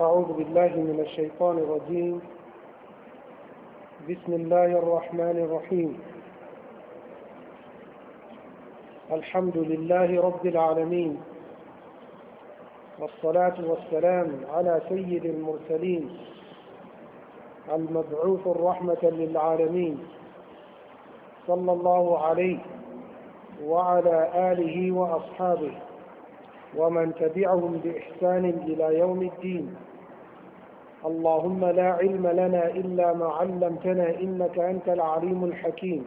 أعوذ بالله من الشيطان الرجيم بسم الله الرحمن الرحيم الحمد لله رب العالمين والصلاة والسلام على سيد المرسلين المبعوث الرحمة للعالمين صلى الله عليه وعلى آله وأصحابه ومن تبعهم بإحسان إلى يوم الدين اللهم لا علم لنا إلا ما علمتنا إنك أنت العليم الحكيم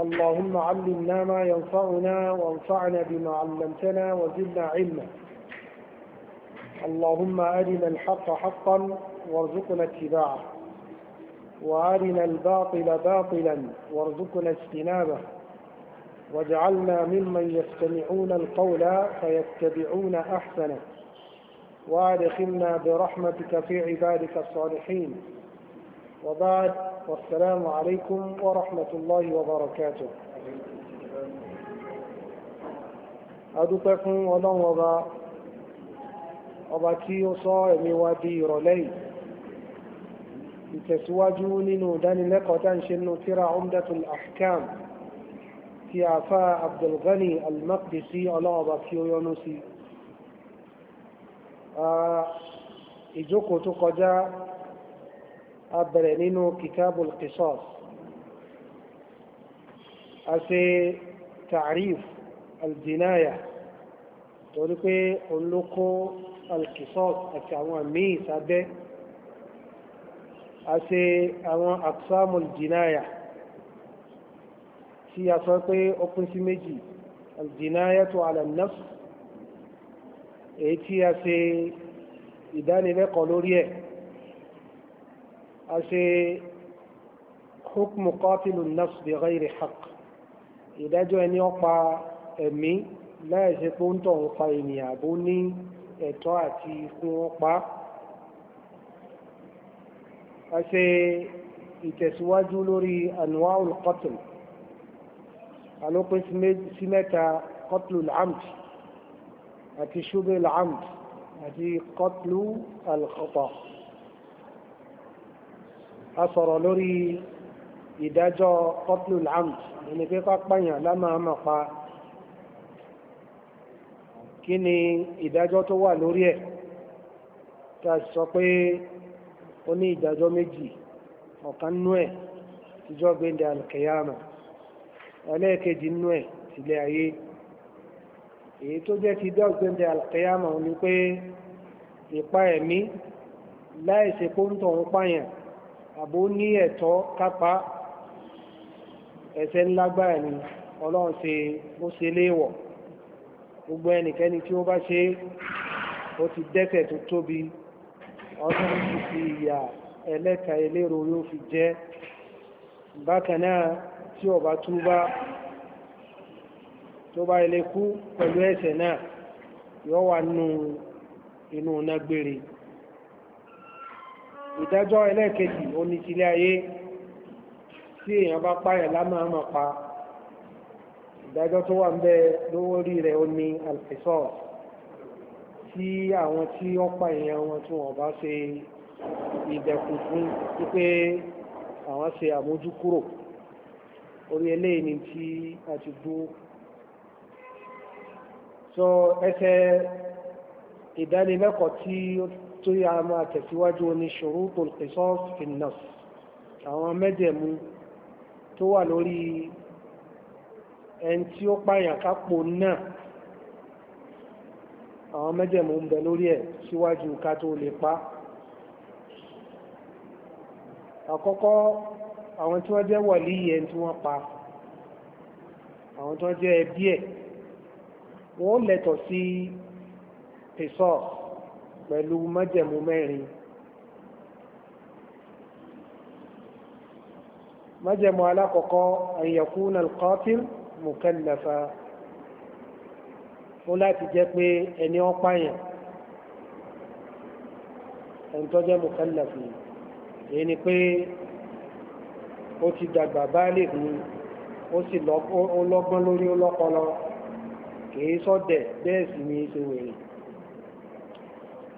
اللهم علمنا ما ينفعنا وانفعنا بما علمتنا وزدنا علما اللهم أرنا الحق حقا وارزقنا اتباعه وأرنا الباطل باطلا وارزقنا اجتنابه واجعلنا ممن يستمعون القول فيتبعون احسنه وادخلنا برحمتك في عبادك الصالحين وبعد والسلام عليكم ورحمه الله وبركاته ادوكم ولن وضع ọba صائم tí ó sọ ẹ̀mí wa di ìrọ̀lẹ́ yìí ìtẹ̀síwájú nínú ìdánilẹ́kọ̀ọ́ tá ń ṣe nínú tíra ti àfá Abdulghani al-Maqdisi ọlọ́ọ̀bá kí ó yọ́nú sí ìjókòó tó kọjá a bẹ̀rẹ̀ nínú kitabul qisas a ṣe ta'rif al-jinaya torí pé òun ló àti àwọn míì sábẹ́ a ṣe àwọn aqsamul jinaya tí a sọ pé ó pín sí méjì al-jinayatu ala an-nafs èyí tí a ṣe ìdánilẹ́kọ̀ọ́ lórí ẹ̀ a ṣe hukmu qatilu an-nafs bi ghayri haqq ìdájọ́ ẹni ó pa ẹ̀mí láì pé ń tọ̀ ń pa ènìyàn àbó ní ẹ̀tọ́ àti fún wọn a ṣe ìtẹ̀síwájú lórí anwa'ul qatl alópin sí mẹ́ta kọtlù al'amd àti ṣúgbẹ́ al'amd àti kọtlù al'kọtọ̀ a sọ̀rọ̀ lórí ìdájọ́ kọtlù al'amd ẹni pé pápáyàn lámàámà pa kí ni ìdájọ́ tó wà lórí ẹ̀ ta sọ pé ó ní ìdájọ́ méjì ọ̀kan nú ẹ̀ tíjọ́ gbéǹdẹ̀ alkiyama ẹlẹ́ẹ̀kejì nínú ẹ̀ tilẹ̀ ayé èyí tó jẹ́ ti dọ́gbẹ́ndẹ̀ alqiyama ni pé ìpa ẹ̀mí láìsí pọ́ńtọ̀ ń pààyàn àbó ní ẹ̀tọ́ kápá ẹ̀ṣẹ̀ ńlágbára ni ọlọ́run ṣe ó ṣe léèwọ̀ gbogbo ẹnikẹ́ni tí ó bá ṣe ó ti dẹ́ṣẹ̀ tó tóbi ọdún ti fi ìyà ẹlẹ́ta eléro yóò fi jẹ́ tí ó bá túbá tó bá ilé kú pẹ̀lú ẹ̀ṣẹ̀ náà yóò wà nù inú nágbèrè ìdájọ́ ẹlẹ́ẹ̀kejì onítílé ayé tí èèyàn bá páyẹ̀ lámàmà pa ìdájọ́ tó wà ń bẹ lórí rẹ̀ ó ní alfẹ́sọ́ tí àwọn tí ó pa èèyàn wọn tí wọ́n bá ṣe ìdẹ̀kùn fún wípé àwọn ṣe àmójúkúrò orí eléyìí ni tí a ti dúró so ẹsẹ̀ ìdánilẹ́kọ̀ọ́ tí tó yà máa tẹ̀síwájú ní shurutul qisas fin nas àwọn mẹ́jẹ̀mú tó wà lórí ẹni tí ó pààyàn kápò náà àwọn mẹ́jẹ̀mú ń bẹ lórí ẹ̀ síwájú ká tó lè pa àkọ́kọ́ àwọn tí wọ́n jẹ́ wọ̀lí yẹn tí wọ́n pa àwọn tí wọ́n jẹ́ ẹbí ẹ̀ wọ́n lẹ́tọ̀ sí pẹ̀sọ́ pẹ̀lú májẹ̀mú mẹ́rin májẹ̀mú alákọ̀ọ́kọ́ an yakuna al-qatil láti jẹ́ pé ẹni ọpáyàn ẹni tó jẹ́ mukallafi èyí ni pé ó ti dàgbà báálẹ̀ ní ó sì lọ́gbọ́n lórí ọlọ́pọlọ kìí sọ́dẹ̀ bẹ́ẹ̀ sì ni ṣe wèrè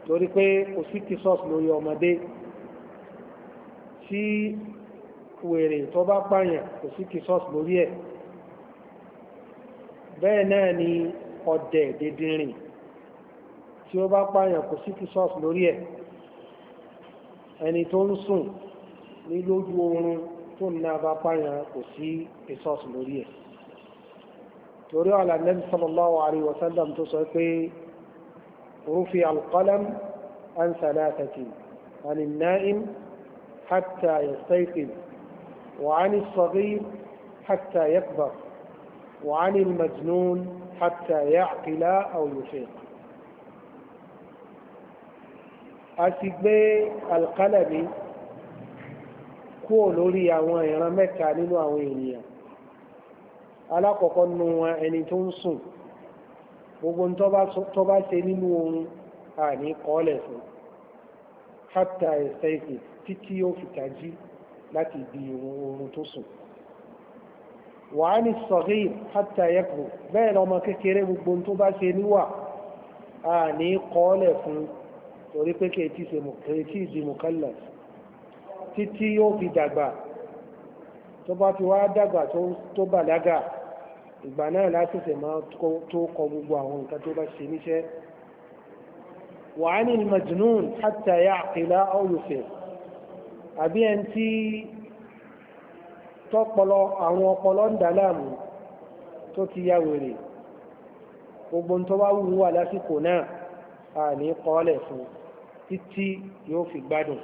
torí pé kò sí kìsọ́s lórí ọmọdé tí wèrè tó bá pààyàn kò sí kìsọ́s lórí ẹ̀ bẹ́ẹ̀ náà ni ọ̀dẹ̀ dédìrìn tí ó bá pààyàn kò sí kìsọ́s lórí ẹ̀ ẹni tó ń sùn ní lójú oorun tó ń náà bá pààyàn kò sí ìsọ́ọ̀sì lórí ẹ̀ torí ọ̀la nabi sallallahu alayhi wa sallam tó sọ pé rufi alqalam an salatati an na'im hatta yastayqin wa an as-saghir hatta yakbar wa an al-majnun hatta ya'qila aw yufiq a ti gbé alqalami kúrò lórí àwọn ìran mẹ́ta nínú àwọn ènìyàn alákọ̀ọ́kọ́ nínú wọn ẹni tó ń sùn gbogbo tó bá ṣe nínú oorun àní kọ́ọ̀lẹ̀ fún hátà ẹ̀sẹ̀ẹ̀sẹ̀ títí ó fi tají láti ibi oorun tó sùn wàá ní sọ̀rí hátà ẹ̀kù bẹ́ẹ̀ lọ́mọ kékeré gbogbo tó bá ṣe níwà àní kọ́ọ̀lẹ̀ fún torí pé kèétí ìdìmọ̀kálẹ̀ sí títí yóò fi dàgbà tó bá ti wá dàgbà tó bàlágà ìgbà náà lásìsẹ̀ máa tó kọ gbogbo àwọn nǹkan tó bá ṣe níṣẹ́ wa 'anil majnun hatta ya'qila aw yufih àbí ẹn tí tọ́pọlọ àwọn ọpọlọ ń dà tó ti ya wèrè gbogbo tó bá wù wà lásìkò náà a ní kọ́ọ̀lẹ̀ fún títí yóò fi gbádùn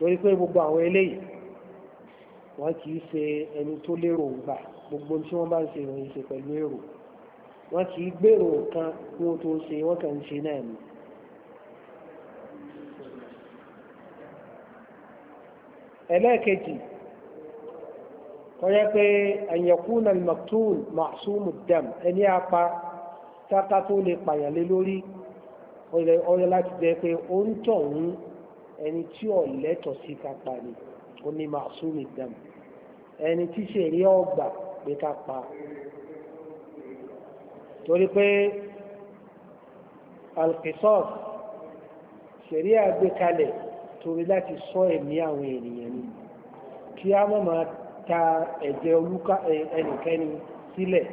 torí pé gbogbo àwọn eléyìí wọ́n kì í ṣe ẹni tó lérò ńgbà gbogbo tí wọ́n bá ń ṣe ìròyìn ṣe pẹ̀lú èrò wọ́n kì í gbèrò kan kí wọ́n tó ṣe wọ́n kàn ń ṣe náà ni. ẹlẹ́ẹ̀kejì kọjá pé àyẹ̀kúnà maktul ma'sumu dam ẹni apá tápá tó lè pààyàn lé lórí ọ̀yẹ́ láti jẹ́ pé ó ń tọ̀ ń ẹni tí ò lẹ́tọ̀ọ́ sí ká pa ni ó ní màsúmì dàm ẹni tí ṣẹ̀rí ọgbà pé ká pa torí pé alkisọ́s ṣẹ̀rí àgbékalẹ̀ torí láti sọ ẹ̀mí àwọn ènìyàn ni kí a má máa ta ẹ̀jẹ̀ ẹnikẹ́ni sílẹ̀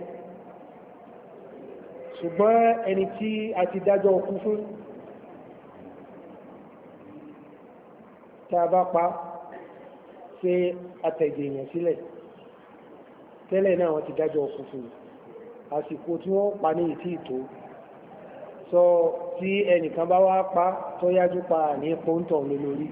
ṣùgbọ́n ẹni tí a ti dájọ́ ọkú fún tá a bá pa ṣe àtẹ̀jẹ̀ èèyàn sílẹ̀ tẹ́lẹ̀ náà wọ́n ti dájọ́ ọkùn fún un àsìkò tí wọ́n pa ní ìtí ìtò sọ tí ẹnìkan bá wá pa tó yájú pa ní pọ́ńtọ̀ lórí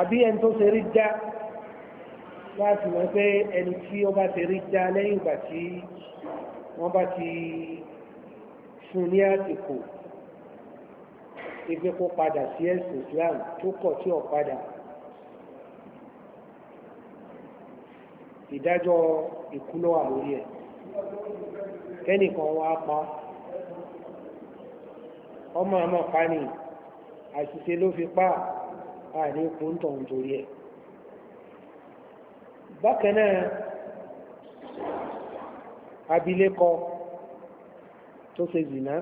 àbí ẹni tó ṣe rí dá láti mọ̀ pé ẹni tí ó bá ṣe rí dá lẹ́yìn ìgbà tí wọ́n bá ti fún ní àsìkò ife kó padà sí ẹ̀sìn Islam tó kọ̀ tí ò padà ìdájọ́ ìkúlọ̀ wà lórí ẹ̀ kẹ́nìkan wá pa ọmọ ọmọ pa ni àṣìṣe ló fi pa àní kò ń tọ̀hún torí ẹ̀ bákan náà tó ṣe zìnà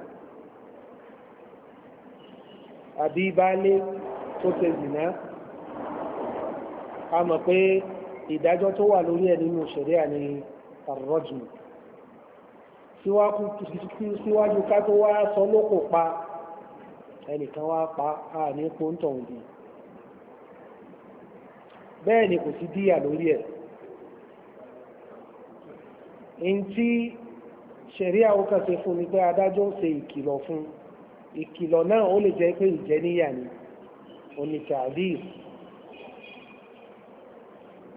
àbí baálé tó ṣe zìnà a mọ̀ pé ìdájọ́ tó wà lórí ẹ̀ nínú ṣẹ̀ríà ni àrọ́jù síwájú ká tó wá sọ lókò pa ẹnìkan wá pa á ní pọ́ńtọ̀ òdì bẹ́ẹ̀ ni kò sí díyà lórí ẹ̀ ṣẹ̀rí àwọn kan ṣe fún ni pé adájọ́ ṣe ìkìlọ̀ fún ìkìlọ̀ náà ó lè jẹ́ pé ìjẹníyà ni onítàdír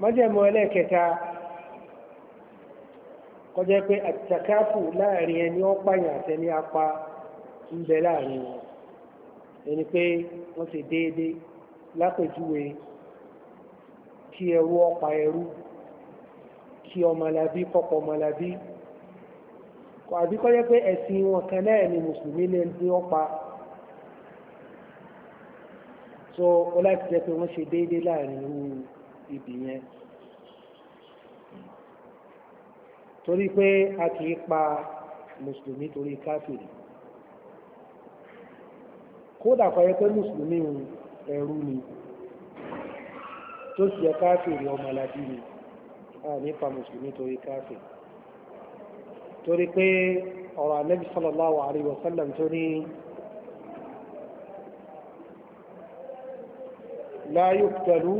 májẹ̀mú ẹlẹ́ẹ̀kẹta kọjá pé àtàkáfù láàrin ẹni ọpàyàn àtẹni apá ń bẹ láàrin wọn ẹni pé wọ́n ṣe déédéé lápèjúwe kí ẹrú ọpa ẹrú kí ọmọlábí kọ́kọ́ ọmọlábí àbí kọ́ jẹ́ pé ẹ̀sìn wọn kan náà ni mùsùlùmí ní ẹni tí wọ́n pa so ó láti jẹ́ pé wọ́n ṣe déédéé láàrin irú ibì yẹn torí pé a kì í pa mùsùlùmí torí káfíìrì kódà kọ́ jẹ́ pé mùsùlùmí ẹrú ni tó sì jẹ́ káfíìrì ọmọlàbí ni a nípa mùsùlùmí torí káfíìrì torí pé ọ̀rọ̀ ànábì sallallahu alaihi wa sallam tó ní la yuqtalu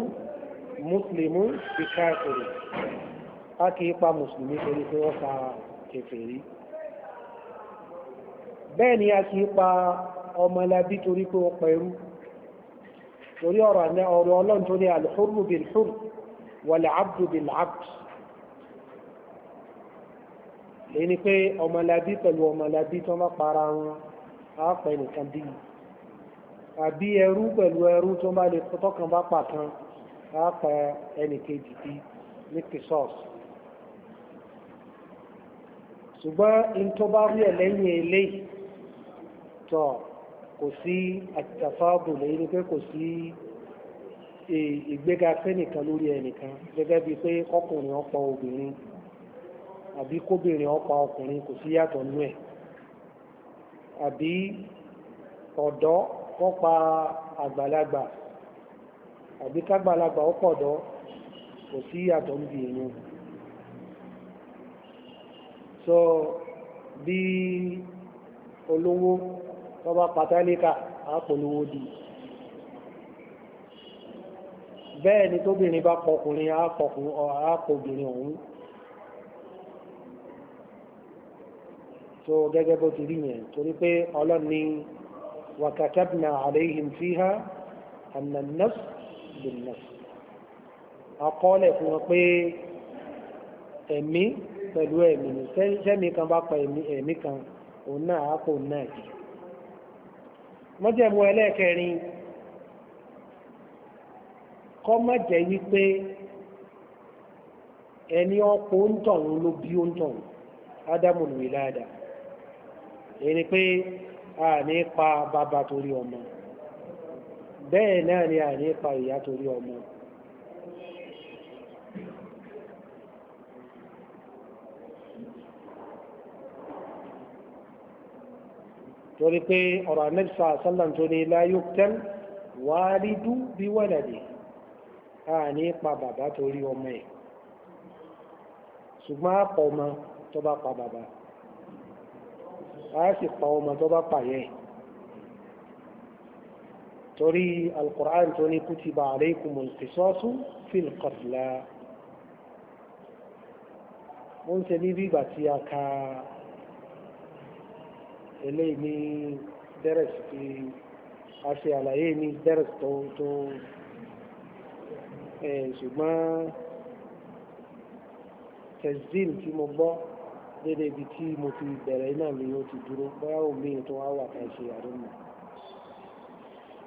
mùsùlùmù bí káàkiri a kì í pa mùsùlùmí torí pé wọ́n pa kèfèrí bẹ́ẹ̀ ni a kì pa ọmọlábí torí pé ó pẹ̀rú torí ọ̀rọ̀ ọlọ́run tó ní al-hurru bil-hurr wal èyí ni pé ọmọlàbí pẹ̀lú ọmọlàbí tí wọ́n bá para wọn á pẹ̀ nìkan bí àbí ẹrú pẹ̀lú ẹrú tí wọ́n bá lè tọ́kàn bá pa kan á pẹ̀ ẹnì kejì bí ní kìsọ́ọ̀sì ṣùgbọ́n ìntọ́bá rí ẹ̀ lẹ́yìn eléyìí tọ̀ kò sí àtàfáàbù lẹ́yìn pé kò sí ìgbéga fẹ́nìkan lórí ẹnìkan gẹ́gẹ́ bíi pé ọkùnrin ọ̀pọ̀ obìnrin àbí kóbìnrin ọpa ọkùnrin kò sí yàtọ̀ nú ẹ̀ àbí ọ̀dọ́ kọ́pa àgbàlagbà àbí kágbàlagbà ọ̀pọ̀dọ́ kò sí yàtọ̀ níbi ìrun sọ bí olówó tó bá pàtàlíkà àpolówó di bẹ́ẹ̀ ni tóbìnrin bá pọkùnrin àpọkùnrin ọ̀hún tó gẹ́gẹ́ bó ti rí yẹn torí pé ọlọ́ni wakatabna alayhim fiha anna nafs bin nafs akọọ́lẹ̀ fún wọn pé ẹ̀mí pẹ̀lú ẹ̀mí ni sẹ́mi kan bá pa ẹ̀mí kan òun náà á kò náà jì mọ́jẹ̀mú ẹlẹ́ẹ̀kẹrin kọ́ má jẹ́ wípé ẹni ọkọ̀ ń tọ̀hún ló bí ó ń tọ̀hún ádámù nìyí láàdáa èyí pé a ní pa bàbá torí ọmọ bẹ́ẹ̀ náà ni a ní pa ìyá torí ọmọ torí pé ọ̀rọ̀ anẹ́bísà sálàm tó ní la yuktal wàálídú bí waladi a ní pa bàbá torí ọmọ ẹ̀ ṣùgbọ́n àpọ̀ ọmọ tó bá pa bàbá a sì pa ọmọ tó bá pààyẹ torí alukur'an tó ní kutiba alaykumul qisasu fil qatla wọ́n ṣe ní bí ìgbà tí a ka eléyìí ní dẹ́rẹ̀sì tí a ṣe àlàyé ní dẹ́rẹ̀sì tó tó ṣùgbọ́n tẹ̀síìl tí mo gbọ́. dédé ibi tí mo ti bẹ̀rẹ̀ náà ni o ti dúró bóyá omi tó wà àdúgbò.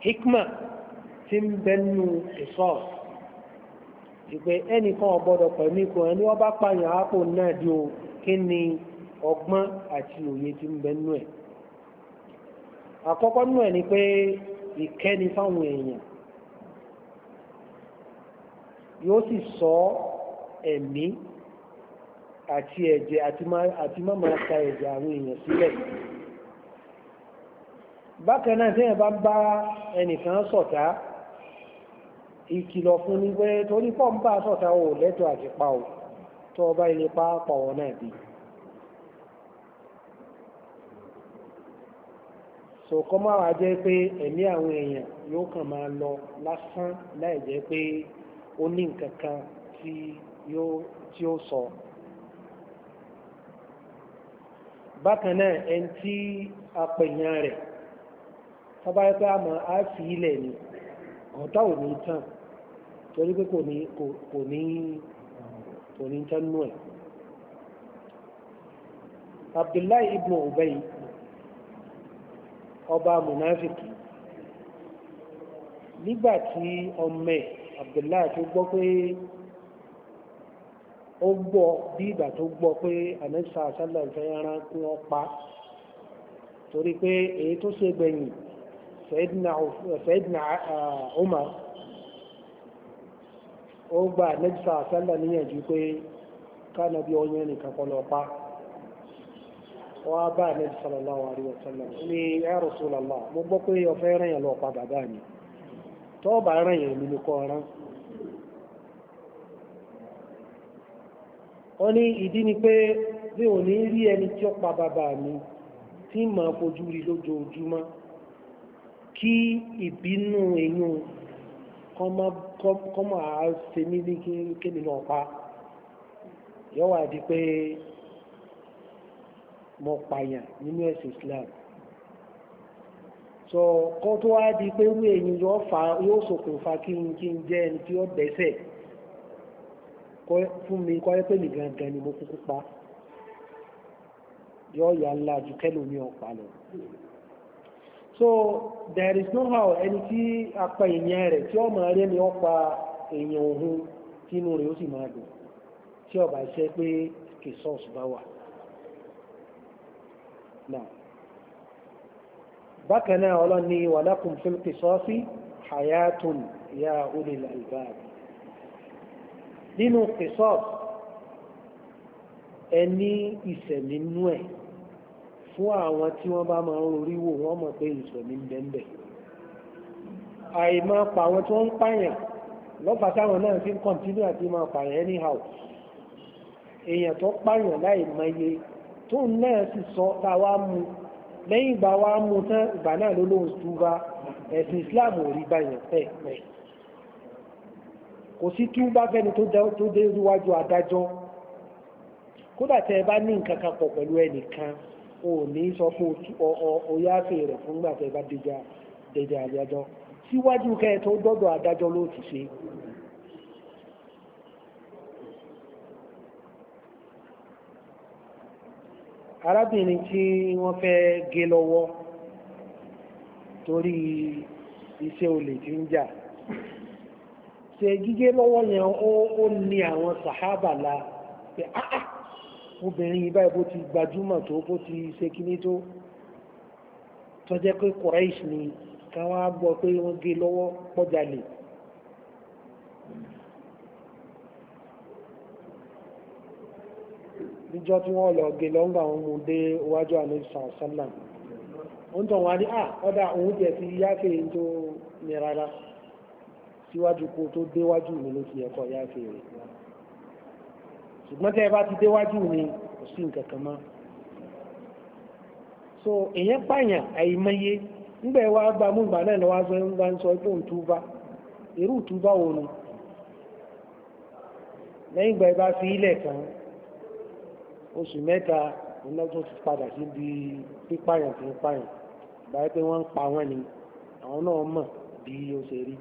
hikma ti ń bẹnu ìsọ ìpè ẹnìkan ọ̀gbọ́dọ̀ pẹ̀lú ikùn ẹni wọ́n bá pààyàn àpò náà di o kí ni ọgbọ́n àti òye ti ń sọ ẹ̀mí. àti ẹ̀jẹ̀ àti má máa ta ẹ̀jẹ̀ àwọn èèyàn sílẹ̀ bákan náà tí ẹ̀bá bá ẹnìkan ṣọ̀tá ìkìlọ̀ fún ní pé torí pọ́ ń bá ṣọ̀tá ò lẹ́tọ̀ àti pa ò tó ọba ilé pápá wọn náà bí so kọ́ máa wá jẹ́ pé ẹ̀mí àwọn èèyàn yóò kàn máa lọ lásán láì jẹ́ pé ó ní nǹkan kan tí ó sọ so. bákan náà ẹn tí apẹ̀yàn rẹ̀ tọ́bá yẹ pé a mọ̀ á fi ilẹ̀ ni ọ̀tá ò ní tán torí pé kò ní kò ní kò ní tán nú ẹ̀. Abdullahi ibn Ubay ọba munafiki nígbà tí ọmọ ẹ̀ Abdullahi tó gbọ́ pé. ó gbọ́ bí ìgbà tó gbọ́ pé àmẹ́sà sálà ìfẹ́ ara kún ọ pa torí pé èyí tó ṣe gbẹ̀yìn uh, gba àmẹ́sà sálà níyànjú pé kánà ọyẹ́ nìkan kọ́ pa wọ́n bá àmẹ́sà sallallahu alaihi wasallam ní ya lọ wọ́n ní ìdí ni pé bí ò ní rí ẹni tí ó pa bàbá mi tí mà á fojú rí lójoojúmọ́ kí ìbínú eyín kọ́ máa ṣe ní kémi náà pa yóò wá di pé mo pààyàn nínú ẹ̀sìn Islam so kó tó wá di pé wí èyí yóò ṣokùnfà kí n jẹ́ ẹni tí ó dẹ́ṣẹ̀ fún mi kọ́ pé mi gangan ni mo kúkú pa yóò yà ńlá ju kẹ́lòmí ọ̀pá lọ. so there is no how ẹni tí apá èèyàn rẹ̀ tí ọmọ rẹ̀ ni ó pa èèyàn òun tínú rẹ̀ ó sì máa dùn tí ọba ṣe pé kìsọ́ọ̀s bá wà. now bákan náà ọlọ́ni walakum fil qisasi hayatun ya ulil albab nínú kìsọ́ọ̀ ẹni ìsẹ̀mí nú ẹ̀ fún àwọn tí wọ́n bá máa ń rorí wò wọ́n mọ̀ pé ìsẹ̀mí ń bẹ́ńbẹ̀ àìmọ́ pa àwọn tí wọ́n ń pààyàn lọ́pàá táwọn náà fi ń kọ̀ntínú àti máa pààyàn anyhow èèyàn tó pààyàn láì mọye tó náà sì sọ tá a wá mú lẹ́yìn ìgbà wá mú tán ìgbà náà ló lóhùn túbá ẹ̀sìn Islam ò rí báyàn pẹ́ẹ̀pẹ́ẹ̀ kò sí túbá fẹ́ni tó dé níwájú adájọ́ kódà tẹ́ ẹ bá ní nǹkan kan pọ̀ pẹ̀lú ẹnìkan o ní sọ pé o yááfẹ́ rẹ̀ fúngbà tẹ́ ẹ bá dédé adájọ́ síwájú kẹ́ tó dọ́dọ̀ adájọ́ ló ti ṣe arábìnrin tí wọ́n fẹ́ gé lọ́wọ́ torí iṣẹ́ olè tí ń jà tẹ gígé lọ́wọ́ yẹn ó ní àwọn sàhábà la pé áá ah, ah, obìnrin yìí báyìí bó ti gbajúmọ̀ tó bó ti ṣe kíní tó tọ́jẹ́ pé Quraish ni káwọn á gbọ́ pé wọ́n gé lọ́wọ́ pọ́jálè. níjọ́ tí wọ́n lọ gé lọ́ngbà wọn mú dé iwájú àlejò sàlám ó ń tàn wá ní à ah, ọ̀dà òun jẹ̀ sí yáfẹ́ tó ní rárá síwájú kó tó déwájú mi ló ti ẹ̀kọ́ ya fi rè ṣùgbọ́n tẹ́ ẹ bá ti déwájú mi kò sí nǹkan kan mọ́ so èèyàn pààyàn àìmọye ńgbà ẹ wá gba múlùbà náà lọ́wọ́ sọ ń bá ń sọ pé òun túbá irú túbá wo ni lẹ́yìn ìgbà ẹ bá fi ilẹ̀ kan oṣù mẹ́ta ọlọ́gbọ́n ti padà síbi pípààyàn tí pààyàn báyìí pé wọ́n ń pa wọ́n ni àwọn náà mọ̀ bí ó ṣe rí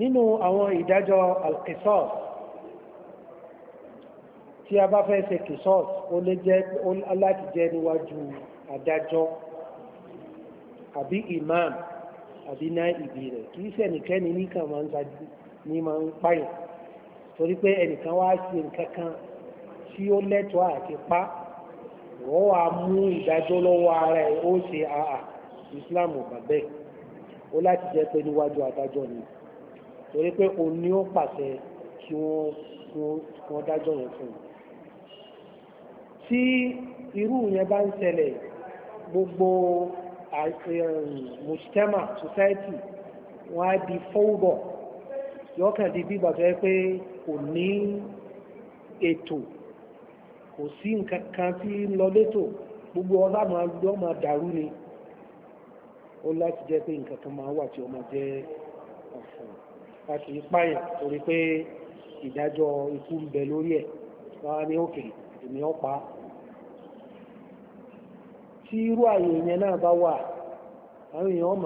nínú àwọn ìdájọ́ alkisọ́s tí a bá fẹ́ ṣe kìsọ́s ó lè jẹ́ láti jẹ́ níwájú adájọ́ àbí imam àbí náà ìbí rẹ̀ kìí ṣe ẹnikẹ́ni níkan máa ń sáájú ní máa ń pààyàn torí pé ẹnìkan wá sí nǹkan tí ó lẹ́tọ̀ọ́ àti pa wọ́n wá mú ìdájọ́ lọ́wọ́ ara ẹ̀ ó ṣe àà Islam ò bà ó láti jẹ́ pé níwájú adájọ́ ni. Wajua, torí pé o ní ó pàṣẹ kí wọ́n dájọ́ ti fún tí irú yẹn bá ń gbogbo eh, society wọ́n á di fọ́wọ́bọ̀ yọ́kàn di bí gbàtọ́ pé kò ní ètò kò sí nǹkan tí gbogbo ọlá ma dàrú ni ó láti jẹ́ pé nǹkan kan máa wà tí ó je jẹ́ a kì torí pé ìdájọ́ ikú ń bẹ lórí ẹ̀ wọ́n á ní òkè ènìyàn pa tí irú àyè yẹn náà bá wà àwọn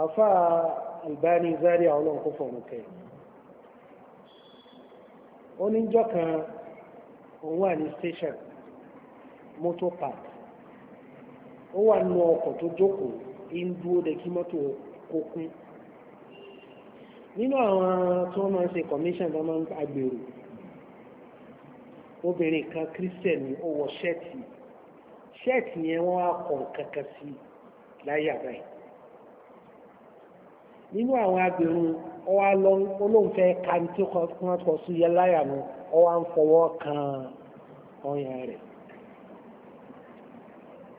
afa Zaria ọlọ́run kó ó ní jọ́ kan òun wà ní station motor park ó wà nínú ọkọ̀ tó jókòó kí mọ́tò kó kún nínú àwọn tí wọ́n máa ń ṣe commission tó máa ń agbèrò obìnrin kan christian ni ó wọ ṣẹ́ẹ̀tì ṣẹ́ẹ̀tì yẹn wọ́n á kọ̀ kankan sí láyé àbáyé nínú àwọn agbèrò ọwọ́ lọ olóńfẹ́ kàǹtí kan kọ sí yẹ láyà nu ọwọ́ ń fọwọ́ kan ọyàn rẹ̀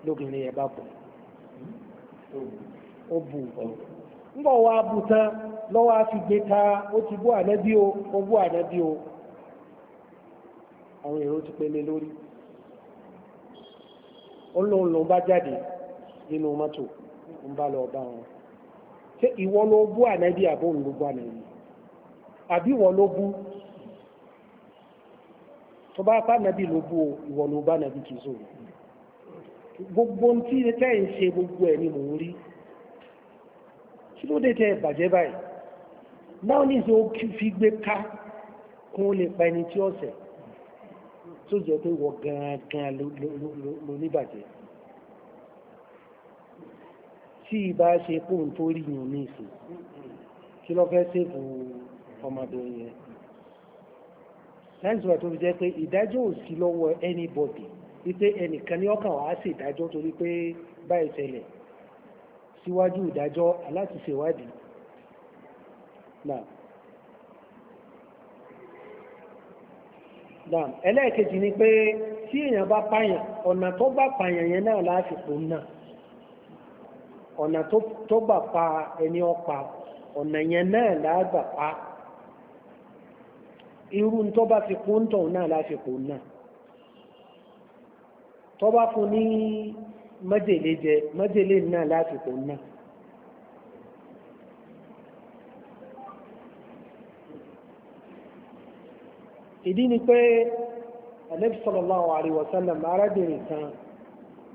lóbìnrin yẹn bá bọ̀ ó bù ọ́ ńgbọ̀ wa bù tán lọ́wọ́ á fi gbé ta ó ti bú ànábí o ó bú ànábí o àwọn èrò ti pele lórí ó lóun lòun bá jáde nínú mọ́tò ń bá lọ bá wọn ṣé ìwọ ló bú ànábí àbó òun ló bú ànábí àbí ìwọ ló bú tó bá bá ànábí ló bú o ìwọ ló bá ànábí kìí sòrò gbogbo ohun tí tẹ́ ń ṣe gbogbo ẹ̀ ni mò ń rí kí ló dé tẹ́ bàjẹ́ báyìí náà ní ìṣe ó fi gbé ká kún lè pa ẹni tí ọ̀sẹ̀ tó jẹ́ pé wọ gangan ló níbàjẹ́ tí ìbá ṣe kóhun tó rí yàn ní ìsìn kí ló fẹ́ ṣèkù ọmọbìnrin yẹn láìsí wà tó fi jẹ́ pé ìdájọ́ ò sí lọ́wọ́ anybody wípé ẹnìkan ní ọkàn wàá sì ìdájọ́ torí pé báyìí ṣẹlẹ̀ síwájú ìdájọ́ láti ṣèwádìí náà náà ẹlẹ́ẹ̀kejì ni pé tí èèyàn bá pààyàn ọ̀nà tó bá pààyàn yẹn náà láti pò náà ọ̀nà tó gbà pa ẹni ọ̀pá ọ̀nà yẹn náà láàgbà pa irú tó bá fi pò ń tọ̀ náà láti pò náà tó bá fún ní májèlé jẹ májèlé náà láti kò ná. ìdí ni pé Ànábì sallallahu alaihi wa sallam arábìnrin kan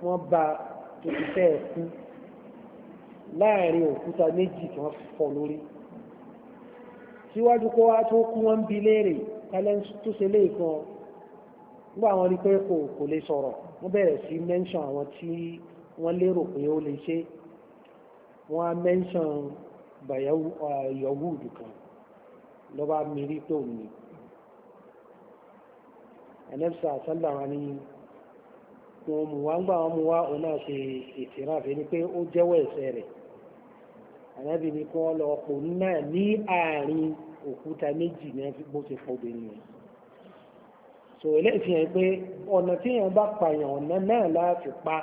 wọ́n bá tó ti fẹ́ kú láàrin òkúta méjì tí fọ́ lórí síwájú kó wá tó kú wọ́n ń léèrè tálẹ́ tó ṣe léèkan nígbà wọn rí pé kò kò lè sọ̀rọ̀ wọ́n bẹ̀rẹ̀ sí mẹ́ńṣọ̀n àwọn tí wọ́n lérò pé ó lè ṣe wọ́n á mẹ́ńṣọ̀n yọ̀wúùdù kan lọ́ba mírí tó ní ẹ̀nẹ́bùsà sálà wọn ni wọn mú wá ń gbà wọn mú wá òun náà ṣe ìtìráfẹ́ ni pé ó jẹ́wọ́ ẹ̀ṣẹ̀ rẹ̀ ẹ̀nẹ́bì ni lọ pò ní àárín òkúta méjì ní bó ṣe pọ̀ so eléyìí fi hàn pé ọ̀nà tí èèyàn bá pààyàn ọ̀nà náà láti pa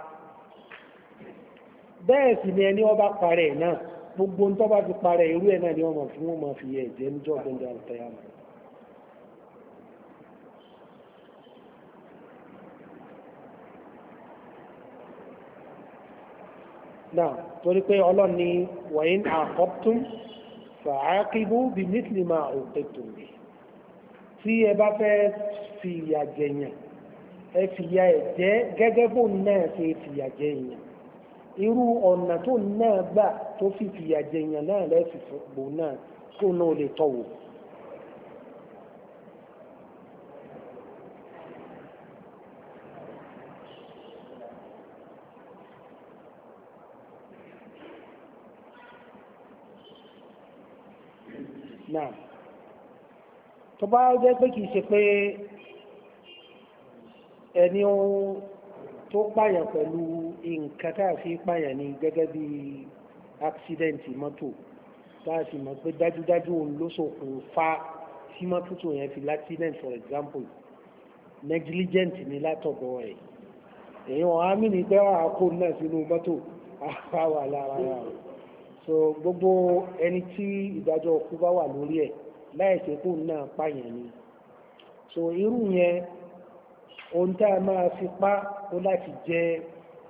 bẹ́ẹ̀ sì ni ẹni ọba parẹ́ náà gbogbo ń tọ́ba fi parẹ́ irú ẹ̀ náà ni wọ́n mọ̀ fún wọn fi yẹ ẹ̀jẹ̀ níjọ́ gbẹ̀ngà àtẹ̀yàmù. náà torí pé ọlọ́run ni wọ̀nyí àkọ́tún fàákìbù bíi mítìlì máa ò tí ẹ bá fẹ́ fi ìyà jẹ̀yàn ẹ fìyà ẹ̀ jẹ́ gẹ́gẹ́ bó náà ṣe fìyà jẹ̀yàn irú ọ̀nà tó náà gbà tó fi fìyà jẹ̀yàn náà lẹ́sì bò náà tó náà lè tọ̀wọ̀. náà tó bá jẹ́ pé kìí ṣe pé ẹni tó pààyàn pẹ̀lú nǹkan tá a fi pààyàn ni gẹ́gẹ́ bí àksidẹ́ǹtì mọ́tò tá a sì mọ̀ pé dájúdájú òun ló ṣokùnfà tí mọ́tò tó yẹn fi láksidẹ́ǹtì for example negligent ni látọ̀dọ̀ ẹ̀ èyí wọn á mì ní pé wàá ah, kó náà sínú mọ́tò àwa lára rà ó so gbogbo ẹni tí ìdájọ́ ọkú bá wà lórí ẹ̀ láì ṣe kó náà pààyàn ni so irú yẹn ohun tá a máa fi pa ó láti jẹ́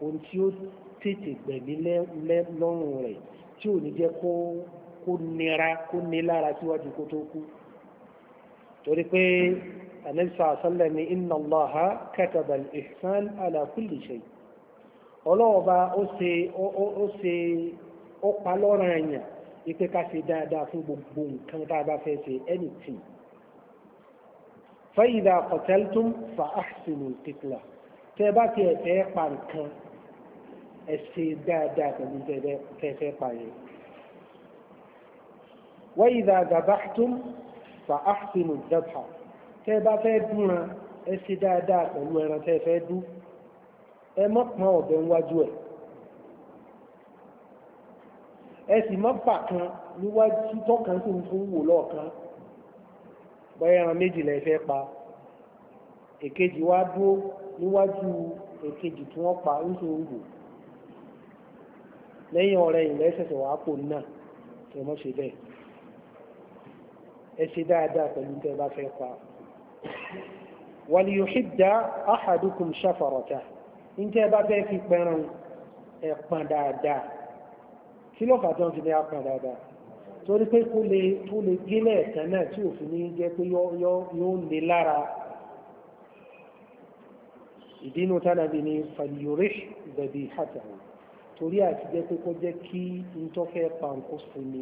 ohun tí ó tètè gbẹ̀mí lọ́rùn rẹ̀ tí ò ní jẹ́ kó nira kó ní lára síwájú kó tó kú torí pé anẹ́sà sọ́lẹ̀ ní inna Allaha kataba al-ihsan ala kulli shay ọlọ́ọ̀ba ó ṣe ó ṣe ó pa lọ́rùn ẹ̀yàn ipe ká ṣe dáadáa fún gbogbo nǹkan tá a bá fẹ́ ṣe anything فإذا قتلتم فأحسنوا القتلة تباتي تيقان كان السيدادات من تيقان وإذا ذبحتم فأحسنوا الذبحة تباتي دونا السيدادات من تيقان ẹ má pọn ọ̀bẹ níwájú ẹ̀ ẹ sì má bà kan níwájú tọ́kan tó ń fún wò lọ́ọ̀kan bóyá ẹran méjì lẹ fẹ́ pa èkejì wá dúró níwájú èkejì tí wọ́n pa ń sòwò lẹ́yìn ọ̀rẹ́ yìí lẹ́sẹ̀sẹ̀ wàá pò náà tí wọ́n ṣe bẹ́ẹ̀ ẹ ṣe dáadáa pẹ̀lú tẹ́ bá fẹ́ pa wàlíyòhídà áhàdùkùn ṣàfàrọ̀tà ń tẹ́ bá fẹ́ fi pẹran ẹ̀pọ̀n dáadáa kí ló fà tó ń fi ní apọ̀n dáadáa torí pé kó lè tó lè gé lẹ́ẹ̀kan náà tí òfin ní jẹ́ pé yóò lè lára ìdínú tánàbí ni fàlìyòrè bẹ̀bí hàtàwọ̀ torí àti jẹ́ pé kó jẹ́ kí n tó fẹ́ pa nǹkan sinmi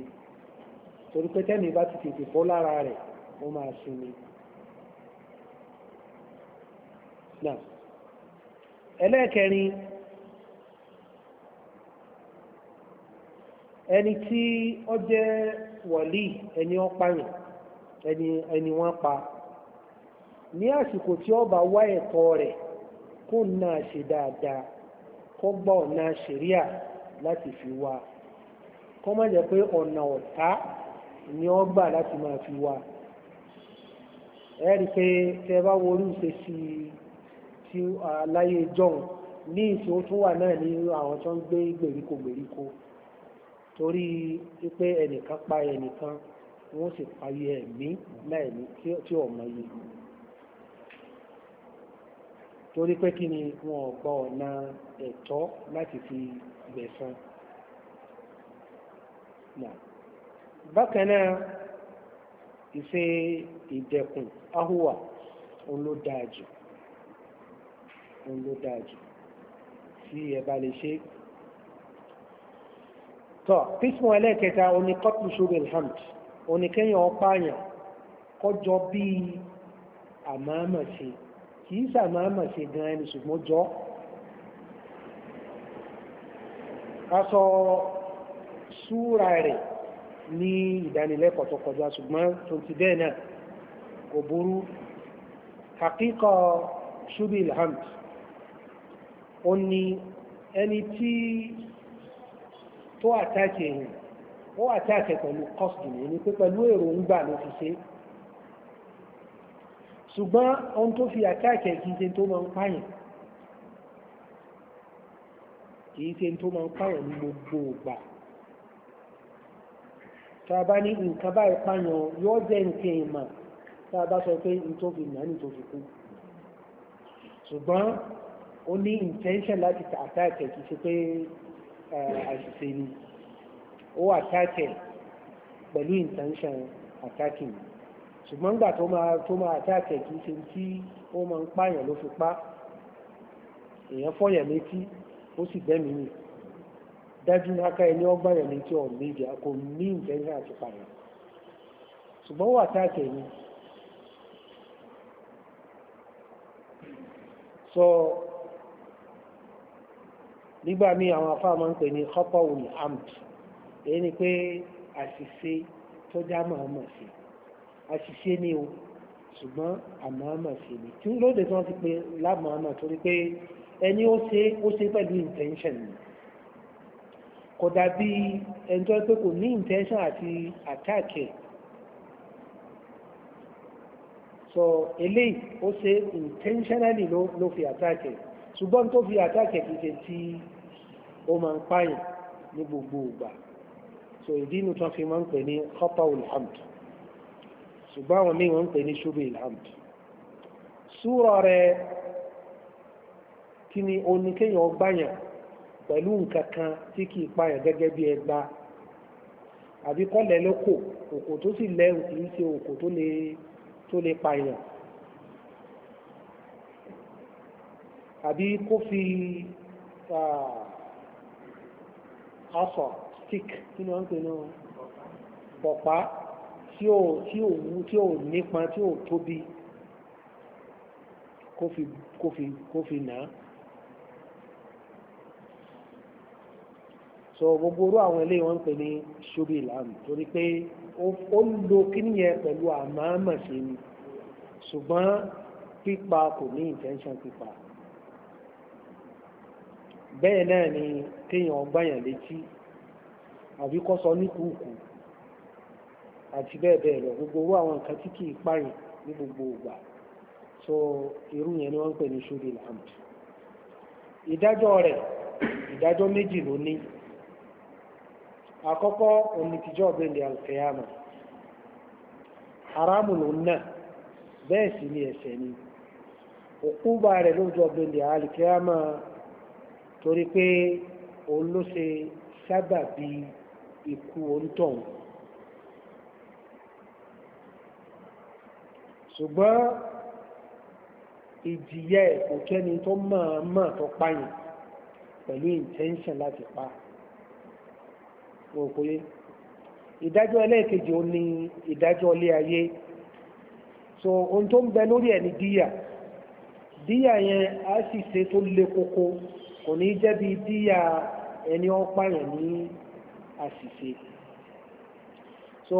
torí pé tẹ́mi bá ti tètè bọ́ lára rẹ̀ ó máa sinmi. náà ẹlẹ́ẹ̀kẹrin ẹni tí ó jẹ́ wọ̀lí ẹni ó pààyàn ẹni ẹni wọ́n pa ní àsìkò tí ó bá wá ẹ̀tọ́ rẹ̀ kó náà ṣe dáadáa kó gbọ́ ọ̀nà ṣẹ̀ríà láti fi wá kó má jẹ́ pé ọ̀nà ọ̀tá ni ọ gbà láti máa fi wá ẹ̀rí pé tẹ́ bá worí ṣe sí tí aláyé jọ̀hún ní ìṣòótúwà náà ní àwọn tó ń gbé gbèríko gbèríko. torí pé ẹnìkan pa ẹnìkan wọ́n sì parí ẹ̀mí láìní tí ò mọ iye torí pé kí ni wọn ò gba ọ̀nà ẹ̀tọ́ láti fi gbẹ̀san bákan náà ìṣe ìdẹ̀kùn áhùwà òun ló dáa jù òun ló dáa jù tí ẹ bá lè ṣe é tọ́ písmù ẹlẹ́ẹ̀kẹta oní kọ́pù ṣúgbìn hamd oní kẹ́yàn ọpáyàn kọjọ bí àmàmàṣe kì í sàmàmàṣe gan ẹni ṣùgbọ́n jọ aṣọ súra rẹ̀ ní ìdánilẹ́kọ̀ọ́ tó kọjá ṣùgbọ́n tó ti bẹ́ẹ̀ náà kò burú hakíkọ ṣúgbìn hamd ẹni tí tó àtàkì èèyàn ó àtàkì pẹ̀lú kọ́sìdì ní pé pẹ̀lú èròǹgbà ló fi ṣe ṣùgbọ́n ohun tó fi àtàkì kìí ṣe tó máa ń pààyàn kìí ṣe tó máa ń pààyàn ní gbogbo ìgbà tá a bá ní nǹkan báyìí pààyàn yóò jẹ́ nǹkan ìmọ̀ tá a bá sọ pé n tó fi nà ní tó fi kú ṣùgbọ́n ó ní intention láti àtàkì kìí ṣe pé àṣìṣe ni ó àtàkẹ̀ pẹ̀lú intention attacking ṣùgbọ́n gbà tó máa tó máa àtàkẹ̀ kì í ṣe tí ó máa ń pààyàn ló fi pa èèyàn fọ́yàn létí ó sì bẹ́mi nì dájú aka ẹni ọgbàyàn létí ọ̀rọ̀ méjì kò ní intention àti pààyàn ṣùgbọ́n ó àtàkẹ̀ ni so nígbà míì àwọn afá máa ń pè ní khopawul amd èyí ni pé àṣìṣe tó já máa mọ̀ sí àṣìṣe ni o ṣùgbọ́n àmàmà sí ni tí lóde tí wọ́n ti pe lámàmà torí pé ẹni ó ṣe ó ṣe pẹ̀lú intention ni kò dàbí ẹni tó pé kò ní intention àti attack ẹ̀ so eléyìí ó ṣe intentionally ló fi attack ẹ̀ ṣùgbọ́n tó fi àtàkẹ́ ti ṣe tí ó máa ń pààyàn ní gbogbo ìgbà so ìdí inú tó fi máa ń pè ní kọ́pà ulhamd ṣùgbọ́n àwọn míì wọ́n ń pè ní ṣubú ulhamd súrọ̀ rẹ̀ kí ni oníkéyàn gbàyàn pẹ̀lú nǹkan kan tí kì í pààyàn gẹ́gẹ́ bí ẹgbàá àbí kọ́lẹ̀ lóko òkò tó sì lẹ́rù kì í ṣe òkò tó lè pààyàn àbí kó fi aṣọ stick kí ni wọ́n ń pè ní pọ̀pá tí ò tí ò wú tí ò nípa tí ò tóbi kó fi kó fi kó fi nà á. so gbogbo orú àwọn eléyìí wọ́n ń pè ní ṣubi ìlànà torí pé ó ń lo kíní yẹn pẹ̀lú àmàmà sí ni ṣùgbọ́n pípa kò ní intention pípa. bẹ́ẹ̀ náà ni kéèyàn gbáyàn létí àbí kọ́ sọ níkùúkù àti bẹ́ẹ̀ bẹ́ẹ̀ gbogbo owó àwọn nǹkan tí kìí ní gbogbo so irú yẹn ni wọ́n ń pè ní ìdájọ́ rẹ̀ ìdájọ́ méjì ló ní àkọ́kọ́ onítìjọ́ alkeyama haramu ló ń nà bẹ́ẹ̀ sì ni ni òkúba torí pé òun ló ṣe sábà bí ikú ońtọ̀hún ṣùgbọ́n ìjìyà kò kẹ́ni tó máa máa tó pààyàn pẹ̀lú intention láti pa wọ́n pé ìdájọ́ ẹlẹ́ẹ̀kejì ó ní ìdájọ́ ilé ayé so ohun tó ń bẹ lórí ẹ̀ ní díyà díyà yẹn á sì ṣe tó le koko kò ní jẹ́ bí díyà ẹni ọpáyàn ní àṣìṣe so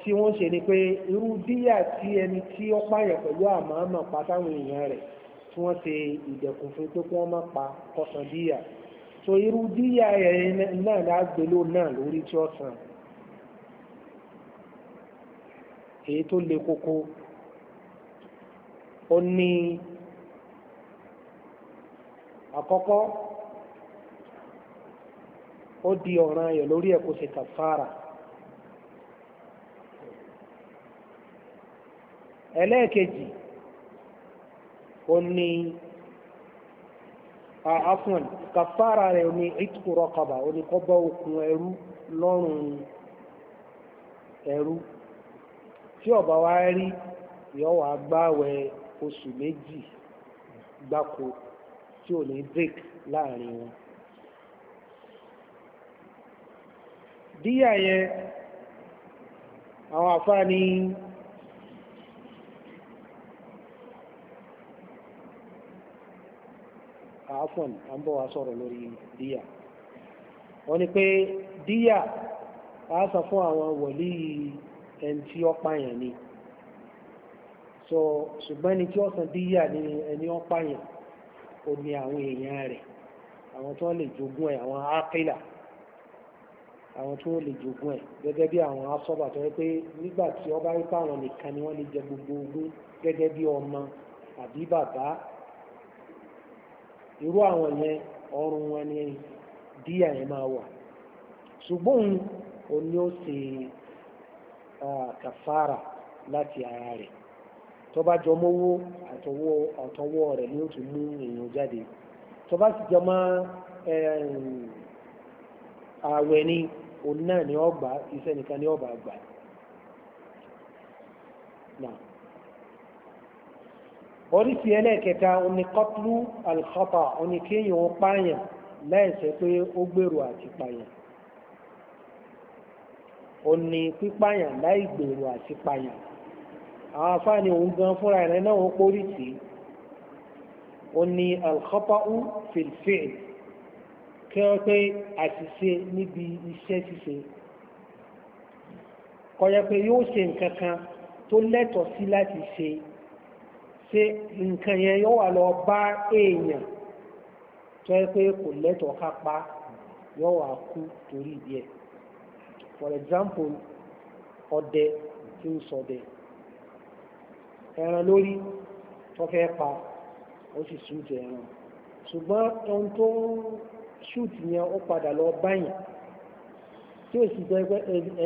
tí wọ́n ṣe ni pé irú díyà tí ẹni tí ọpáyàn pẹ̀lú àmàmà pa sáwọn èèyàn rẹ̀ tí wọ́n ṣe ìdẹ̀kùn fún pé kí wọ́n pa kọsàn díyà so irú díyà ẹ̀yìn náà lágbèló náà lórí tí ó sàn èyí tó le koko ó ní. àkọ́kọ́ ó di ọ̀ràn ayọ̀ lórí ẹ̀ kó ṣe kàfàrà ẹlẹ́ẹ̀kejì ó ní àfọ̀n kàfàrà rẹ̀ ní ìtúrọ̀ kọba ó ní kó bọ́ ẹrú lọ́rùn ẹrú tí wa rí yọ gbáwẹ̀ oṣù méjì gbáko tí ò ní break láàrin wọn. díyà yẹn àwọn àfáà ní àáfọ̀n à ń bọ̀ wá sọ̀rọ̀ lórí díyà wọ́n ní pé díyà a sọ fún àwọn wọ̀lí ẹni tí ó pààyàn ni so ṣùgbọ́n ẹni tí ó san díyà ni ẹni ó pààyàn ó ní àwọn èèyàn rẹ̀ àwọn tó lè jogún ẹ̀ àwọn ápìlà àwọn tó lè jogún ẹ̀ gẹ́gẹ́ bí àwọn asọ́bà tó yẹ pé nígbà tí ọba rí pàwọn nìkan ni wọ́n lè jẹ gbogbo ogún gẹ́gẹ́ bí ọmọ àbí bàbá irú àwọn yẹn ọrùn wọn ni díà yẹn máa wà ṣùgbọ́n òun ni ó ṣe kàfàrà láti ara rẹ̀ tó bá jọ mọ́wó àtọwọ́ rẹ̀ ni ó ti mú èèyàn jáde tó bá sì jọ mọ́ ààwẹ̀ ni òun náà ni ó gbà iṣẹ́ nìkan ni ó bá gbà oríṣi ẹlẹ́ẹ̀kẹta oní kọ́pùlù alkhọ́pà oní kéèyàn ó pààyàn láìṣẹ́ pé ó gbèrò àti pààyàn oní pípààyàn láì gbèrò àti pààyàn àwọn afáàní òun gan fúnra rẹ̀ náà ó pórí tì í ó ní alkhapa'u fil fi'l kí wọ́n pé àṣìṣe níbi iṣẹ́ ṣíṣe kọjá pé yóò ṣe nǹkan kan tó lẹ́tọ̀ọ́ sí láti ṣe ṣe nǹkan yẹn yóò wà lọ bá èèyàn tó yẹ pé kò lẹ́tọ̀ọ́ ká yóò wà kú torí ìdí ẹ̀ for example ọdẹ tí ń sọdẹ. So ẹran lórí tó fẹ́ pa ó sì ṣúùtì ẹran ṣùgbọ́n ohun tó ṣúùtì yẹn ó padà lọ báyìí tí ó sì jẹ́ pé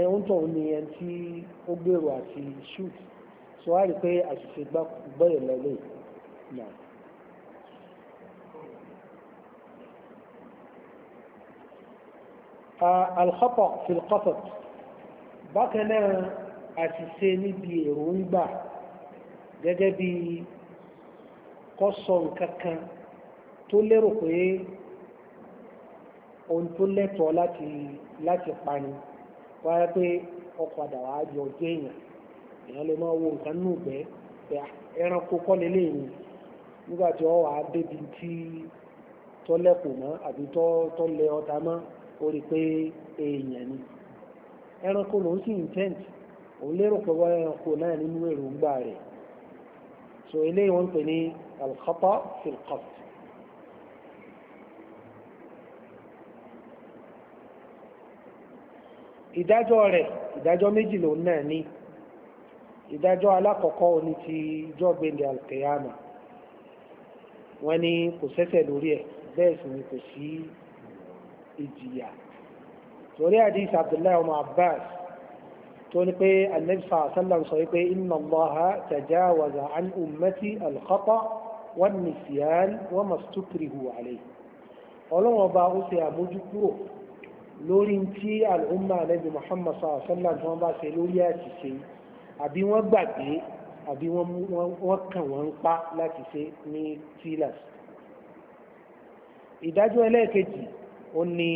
ẹ̀hún tó ní ẹn tí ó gbèrò àti ṣúùtì sọ wá rí pé àṣìṣe gbọ́dọ̀ lọ́lẹ̀ náà. الخطأ في القصد بكنا أسسيني بيرونبا gẹ́gẹ́ bí kọ́sọ̀ nǹkankan tó lérò pé ohun tó lẹ́tọ̀ọ́ láti láti wáyé pé ọkọ̀ àdàwà àjọ jẹ́ èèyàn lè máa wo nǹkan nù ah, ẹranko kọ́ lélẹ̀ yìí nígbà tí wà á débi tí mọ́ àbí ọta mọ́ ó rí pé èèyàn ni ẹranko sì náà nínú so eléyìí wọ́n pè ní alkhata fil qasd ìdájọ́ rẹ̀ ìdájọ́ méjì lòun náà ní ìdájọ́ alákọ̀ọ́kọ́ oní ti jọ́gbẹ̀lẹ̀ alkeyama wọ́n ní kò sẹ́sẹ̀ lórí ẹ̀ bẹ́ẹ̀ sì ni kò sí ìjìyà torí àdìs abdullahi ọmọ abbas tó ní pé anẹ́bísà sallam sọ wípé inna Allaha tajawaza an ummati al-khata wan nisyan wa mastukrihu alayhi ọlọ́wọ́n ọba ó ṣe àmójúkúrò lórí tí al'umma anẹ́bí Muhammad sallam tí wọ́n bá ṣe lórí àṣìṣe àbí wọ́n gbàgbé àbí wọ́n kàn wọ́n ń pa láti ṣe ní tilas ìdájọ́ ẹlẹ́ẹ̀kejì ó ní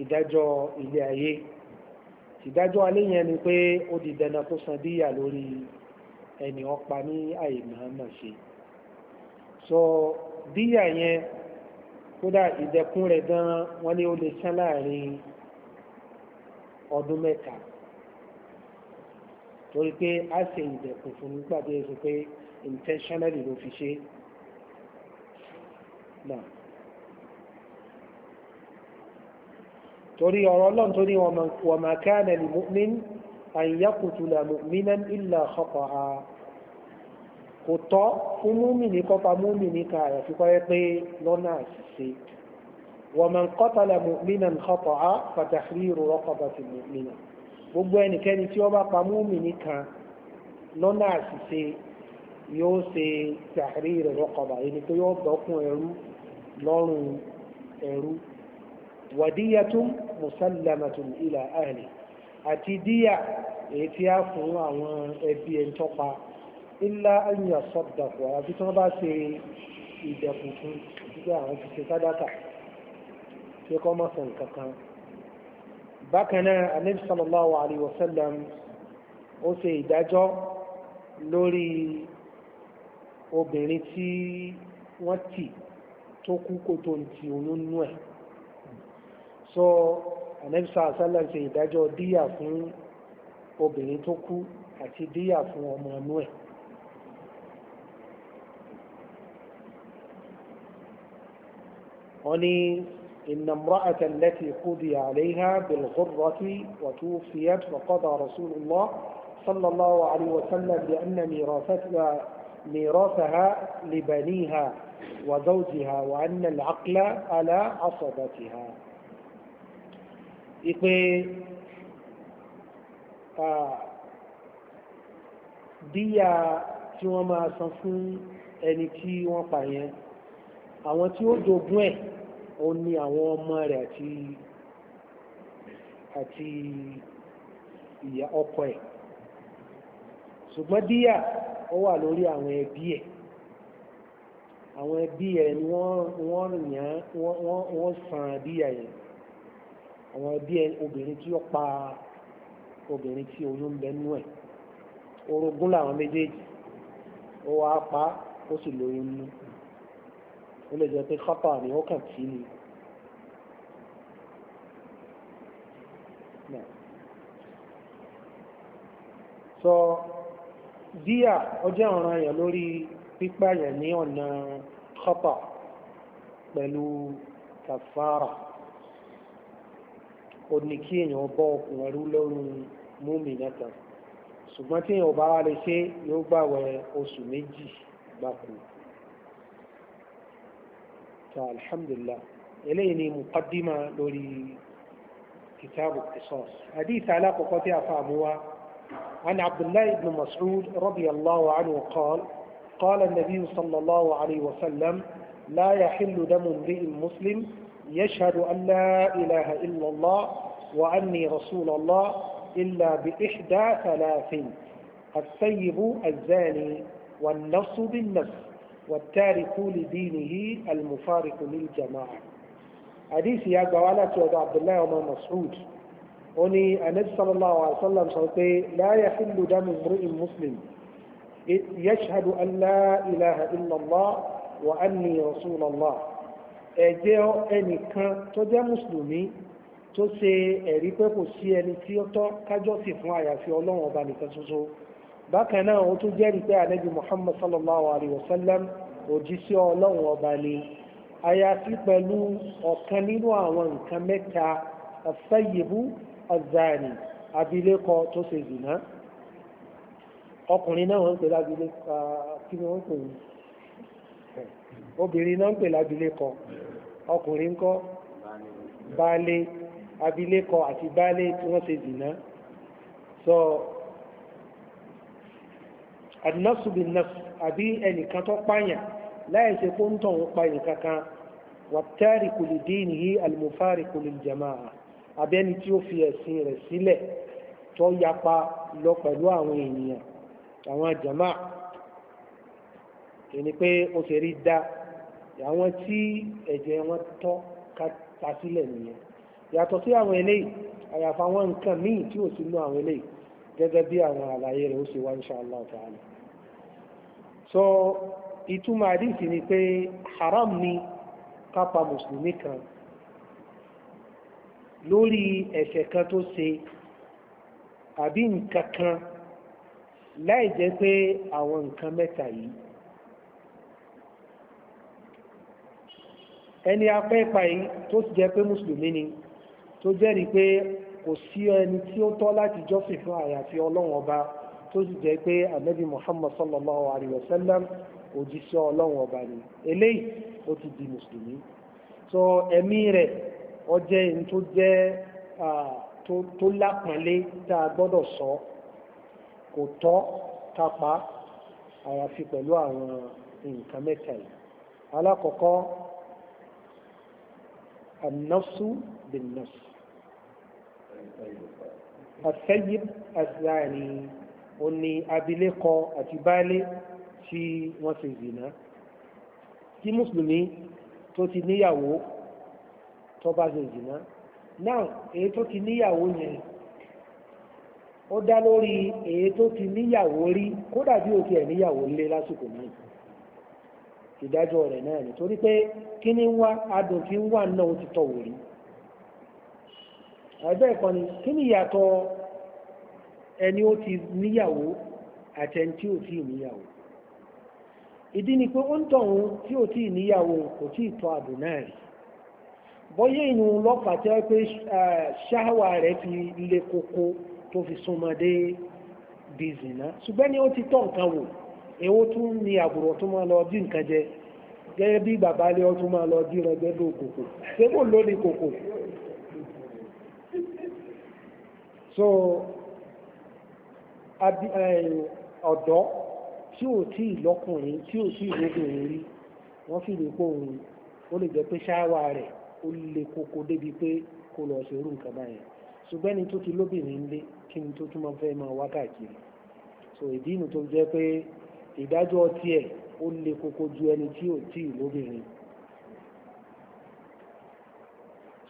ìdájọ́ ilé ayé ìdájọ́ alẹ́ yẹn ni pé ó di dandan kó san díyà lórí ẹni ọpa ní àyè màmá ṣe so díyà yẹn kódà ìdẹkùn rẹ̀ gan wọ́n ní ó lè san láàrin ọdún mẹ́ta torí pé a ṣe ìdẹkùn fún nígbà tó pé intentionally ló fi ṣe náà. torí ọ̀rọ̀ ọlọ́run tó ní wa ma kana lil mu'min an yaqtula mu'minan illa khata'a kò tọ́ fún múmìnì kọ́pa múmìnì ka àyàfi kọ́ yẹ pé lọ́nà àṣìṣe wa man qatala mu'minan khata'a fa tahriru raqabati mu'mina gbogbo musallamatun ila ahli àti díyà èyí tí a fún àwọn ẹbí ẹ̀ ń tọ́pa illa an yasaddaqu àbí tí wọ́n bá ṣe ìdẹ̀kùn fún gbígbà àwọn ti ṣe sádàkà tí kò mọ̀ sàn kankan. bákan náà anabi ó ṣe ìdájọ́ lórí obìnrin tí wọ́n tì tó kú kó tó ti oyún nú ẹ̀. so anẹ́bísà sálà ṣe ìdájọ́ díyà fún obìnrin tó kú àti díyà fún ọmọ inú ẹ̀ wọ́n إن امرأة التي قضي عليها بالغرة وتوفيت فقضى رسول الله صلى الله عليه وسلم بأن ميراثتها ميراثها لبنيها وزوجها وأن العقل على عصبتها ipe díyà tí wọ́n máa san fún ẹni tí wọ́n pa yẹn àwọn tí ó jogún ẹ̀ o ní àwọn ọmọ rẹ̀ àti àti ìyá ẹ̀ ṣùgbọ́n díyà ó wà lórí àwọn ẹbí ẹ̀ àwọn ẹbí ẹ̀ ni wọ́n yàn wọ́n san díyà yẹn àwọn ẹbí obìnrin tí ó pa obìnrin tí oyún ń bẹ nú ẹ̀ orogún làwọn méjèèjì ó wá pa ó sì lóyún nú ó lè jẹ́ pé kápá ni ó kàn tí ni. sọ díà ọjọ́ ọ̀ràn yẹn lórí pípa yẹn ní ọ̀nà kápá pẹ̀lú kàfàrà ó ní kí èèyàn bọ́ ọkùn ẹrú lọ́rùn múmìnà kan ṣùgbọ́n tí èèyàn bá wá lè ṣe yóò gbàwẹ̀ oṣù méjì gbáko ta alhamdulillah eléyìí ni muqaddima lórí kitabu qisas hadith alákọ̀ọ́kọ́ tí a fa àmúwá عن عبد الله بن مسعود رضي الله عنه قال قال النبي صلى الله عليه وسلم لا يحل دم امرئ مسلم يشهد أن لا إله إلا الله وأني رسول الله إلا بإحدى ثلاث الثيب الزاني والنفس بالنفس والتارك لدينه المفارق للجماعة حديث يا جوالة عبد الله وما مسعود أني النبي صلى الله عليه وسلم صوتي لا يحل دم امرئ مسلم يشهد أن لا إله إلا الله وأني رسول الله ẹ̀jẹ̀ ẹnìkan tó jẹ́ mùsùlùmí tó ṣe ẹ̀rí pé kò sí ẹni tí ó tọ́ kájọ́sìn fún àyàfi ọlọ́run ọba nìkan ṣoṣo bákan náà ó tún jẹ́rìí pé ànábì muhammad sallallahu alayhi wa sallam òjíṣẹ́ ọlọ́run ọba ni àyàfi pẹ̀lú ọ̀kan nínú àwọn nǹkan mẹ́ta asayibu azani abilékọ tó ṣe zìnà ọkùnrin náà wọ́n pè lábílẹ̀ ah, kí ni wọ́n pè yìí obìnrin náà ń pè lábílékọ ọkùnrin ń kọ́ baálé abilékọ àti baálé tí wọ́n ṣe dìná so adinasubinas àbí ẹnìkan tó pààyàn láìsẹ̀ kó ń tọ̀hún pààyàn kankan wàtàrí kò lè dé ìníyí alìmọ̀fáàrí kò lè jama'a abẹ́ni tí ó fi ẹ̀sìn rẹ̀ sílẹ̀ tó yapa lọ pẹ̀lú àwọn ènìyàn àwọn jama'a ẹni pé ó ṣe rí dá àwọn tí ẹ̀jẹ̀ wọn tọ́ ká sílẹ̀ nìyẹn yàtọ̀ sí àwọn eléyìí àyàfà àwọn nǹkan míì tí ò sínú àwọn eléyìí gẹ́gẹ́ bí àwọn àlàyé rẹ̀ ó ṣe wá insha Allah ta'ala so ìtumọ̀ àdìsí ni pé haram ni ká pa mùsùlùmí kan lórí ẹ̀ṣẹ̀ kan tó ṣe àbí nǹkan kan láì pé àwọn nǹkan mẹ́ta yìí ẹni afẹ́ pàì tó sì jẹ́ pé mùsùlùmí ni tó jẹ́rìí pé kò sí ẹni tí ó tọ́ láti jọ́sìn fún àyàfi ọlọ́run ọba tó sì jẹ́ pé anabi muhammad sallallahu alayhi wa sallam òjíṣẹ́ ọlọ́run ọba ni eléyìí ó ti di mùsùlùmí so ẹ̀mí rẹ̀ ó jẹ́ ẹni tó jẹ́ tó lápọ̀nlé tá a gbọ́dọ̀ sọ kò tọ́ kápá àyàfi pẹ̀lú àwọn nǹkan mẹ́ta yìí alákọ̀ọ́kọ́ النص بالنص السيب الزاني oni abilékọ àti baálé tí wọ́n ṣe zina tí mùsùlùmí tó ti níyàwó tó bá ṣe zina náà èyí tó ti níyàwó yẹn ó dá lórí èyí tó ti níyàwó rí kódà bí ó ẹ̀ níyàwó lé lásìkò náà ìdájọ́ rẹ̀ náà ni torí pé kí ní wá adùn kí ń wà náà ó ti tọ̀ wò rí ẹgbẹ́ ẹ̀kan ni kí ni ìyàtọ̀ ẹni ó ti níyàwó àti ẹni tí ò tí níyàwó ìdí ni pé ó ń tọ̀hún tí ò tí níyàwó kò tí tọ̀ adùn náà rí bọ́yé lọ́pàá pé ṣáwà rẹ̀ le koko tó fi súnmọ́ dé ó ti tọ̀ nǹkan wò èwo tún ni àbùrọ̀ tún máa lọ bí nǹkan jẹ gẹ́gẹ́ bí bàbá ilé ọtún máa lọ bí rẹ̀ gbẹ́dọ̀ kòkò ṣé kò ló ní kòkò so ọ̀dọ́ tí ò tí ìlọ́kùnrin tí ò tí ìlóbìnrin rí wọ́n fi lè kó òun ó lè jẹ́ pé ṣáwá rẹ̀ ó lè kókó débi pé kò lọ ṣe irú nǹkan báyẹn ṣùgbọ́n ẹni tó ti lóbìnrin lé kí ni tó tún máa fẹ́ máa wá káàkiri so ìdí inú tó jẹ́ pé ìdájọ́ tiẹ̀ ó le koko ju ẹni tí ò tí lóbìnrin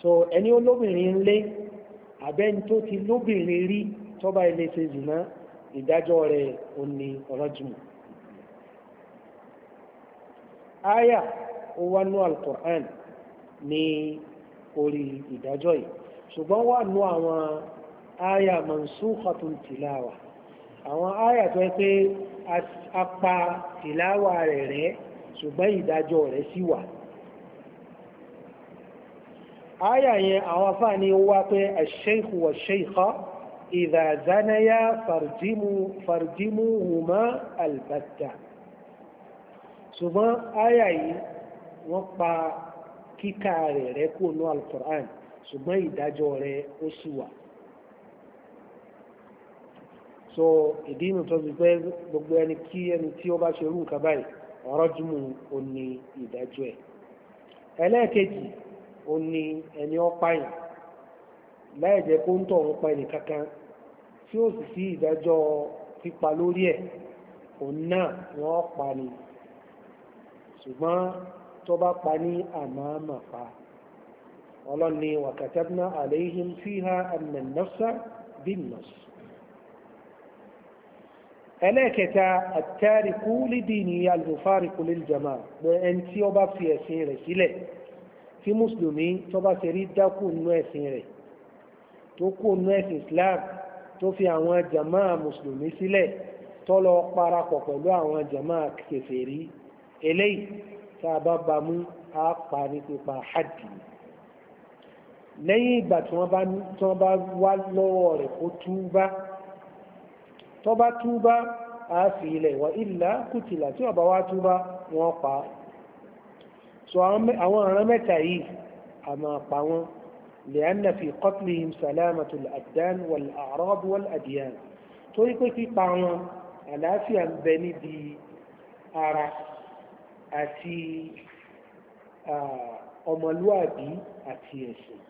so ẹni olóbìnrin ń lé àbẹ́ni tó ti lóbìnrin rí tọ́ba ilé ṣe zìnà ìdájọ́ rẹ̀ ò ní ọlọ́jùmọ̀ aya ó wá nú alukur'an ní orí ìdájọ́ yìí ṣùgbọ́n wà nú àwọn aya mansukhatun tilawa àwọn aya tó yẹ pé apá ìláwà rẹ̀ rẹ̀ ṣùgbọ́n ìdájọ́ rẹ̀ sì wà áyà yẹn àwọn afáà ni ó wá pé àṣẹ́ìkù àṣẹ́ìkọ́ ìdàzánayá fàrjímù hùmá albàtà ṣùgbọ́n áyà yìí wọ́n pa kíkà rẹ̀ rẹ̀ kó nú alkùrán ṣùgbọ́n ìdájọ́ rẹ̀ ó sì wà so ìdí inú tó ti pé gbogbo ẹni kí ẹni tí ó bá ṣe irú nǹkan báyìí ọ̀rọ̀ jùmọ̀ ò ní ìdájọ́ ẹ̀ ẹlẹ́ẹ̀kejì ò ní ẹni ọ̀páyìn láì jẹ́ kó ń tọ̀ ń pa ẹnì kankan tí ó sì sí ìdájọ́ pípa lórí ẹ̀ òun náà wọ́n pa ni ṣùgbọ́n tó bá pa ní àmàmà pa ọlọ́ni wàkàtàbná àlẹ́yìn fíhá àmì nafsa bin nafsa ẹlẹ́ẹ̀kẹta àtàríkú lídìní alùfáàríkú líljàmá ẹni tí ó bá fi ẹ̀sìn rẹ̀ sílẹ̀ tí mùsùlùmí tó bá ṣe rí dákù nínú ẹ̀sìn rẹ̀ tó kú nínú ẹ̀sìn islam tó fi àwọn jàmá mùsùlùmí sílẹ̀ tó lọ parapọ̀ pẹ̀lú àwọn jàmá kèfèrí eléyìí tá a bá bá mú a pa ní pípa hajj lẹ́yìn ìgbà tí wọ́n bá wá lọ́wọ́ rẹ̀ kó túbá tó bá túbá á fi ilẹ̀ wọ ìlà kùtìlà tí ó bá wá túbá wọ́n pa so àwọn ọ̀ràn mẹ́ta yìí a máa pa wọ́n لأن في قتلهم سلامة الأبدان والأعراض والأديان torí pé pípa wọn àlàáfíà ń bẹ níbi ara àti ọmọlúàbí àti ẹ̀sìn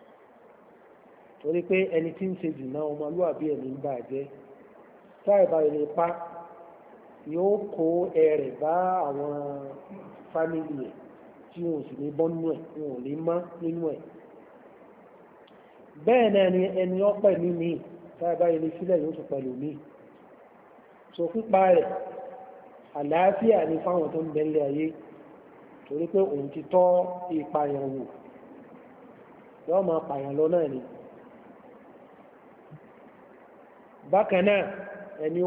torí pé ẹni tí ń ṣe jù náà ọmọlúàbí ẹ̀ ń bàjẹ́ táìbà ilé pa yóò kó ẹrẹ̀ bá àwọn fámìlì ẹ̀ tí wọn ò sì ní bọ́ nínú ẹ̀ wọn ò ní mọ́ nínú ẹ̀ bẹ́ẹ̀ ni ẹni ọpẹ́ ní mi táìbà ilé sílẹ̀ yóò tún pẹ̀lú mi so pípa rẹ̀ àlàáfíà ni fáwọn tó ń bẹ́ńlẹ̀ ayé torí pé òun ti tọ́ ìpààyàn wò yóò máa pààyàn lọ náà ni bákan náà ẹni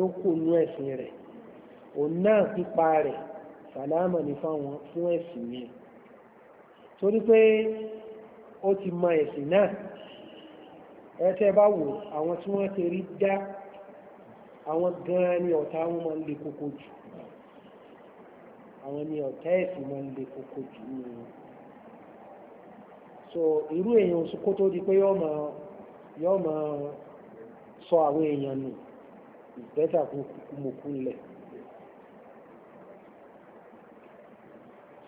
ó kù nú ẹ̀sìn rẹ̀ òun náà pípa rẹ̀ sàlámà ní fáwọn fún ẹ̀sìn yẹn torí pé ó ti mọ ẹ̀sìn náà ẹ̀tẹ́ bá wò àwọn tí wọ́n ti rí dá àwọn gan ni ọ̀tá wọn máa ń le koko jù àwọn ni ọ̀tá ẹ̀sìn máa ń le koko jù ní wọn so irú èèyàn kó tó di pé yọ́ máa sọ àwọn èèyàn nù ìbẹ́ta kú mùkú lẹ̀.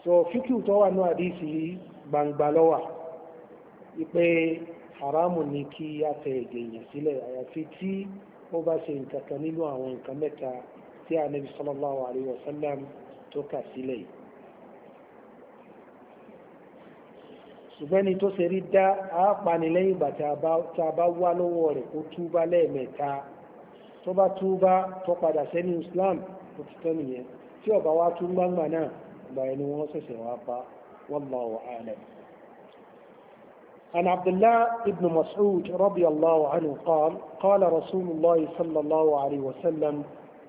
so fíkì tó wà náà dì sí gbangba lọ́wà wípé haramu ni kí a tẹ èdè èèyàn sílẹ̀ àyàfi tí ó bá ṣe nǹkan kan nínú àwọn nǹkan mẹ́ta tí Ànábì sallallahu alaihi wasallam tó kà sílẹ̀ yìí ṣùgbọ́n ni tó ṣe rí dá àápanilẹ́yìn ìgbà tá a bá wá lọ́wọ́ rẹ̀ kó túbá lẹ́ẹ̀mẹ́ta tó bá túbá tó padà sẹ́nu islam tó ti tán nìyẹn tí ó bá wá tún gbangba náà ìgbà ẹni wọn ṣẹ̀ṣẹ̀ wá pa wallahu a'lam. عن عبد الله بن مسعود رضي الله عنه قال قال رسول الله صلى الله عليه وسلم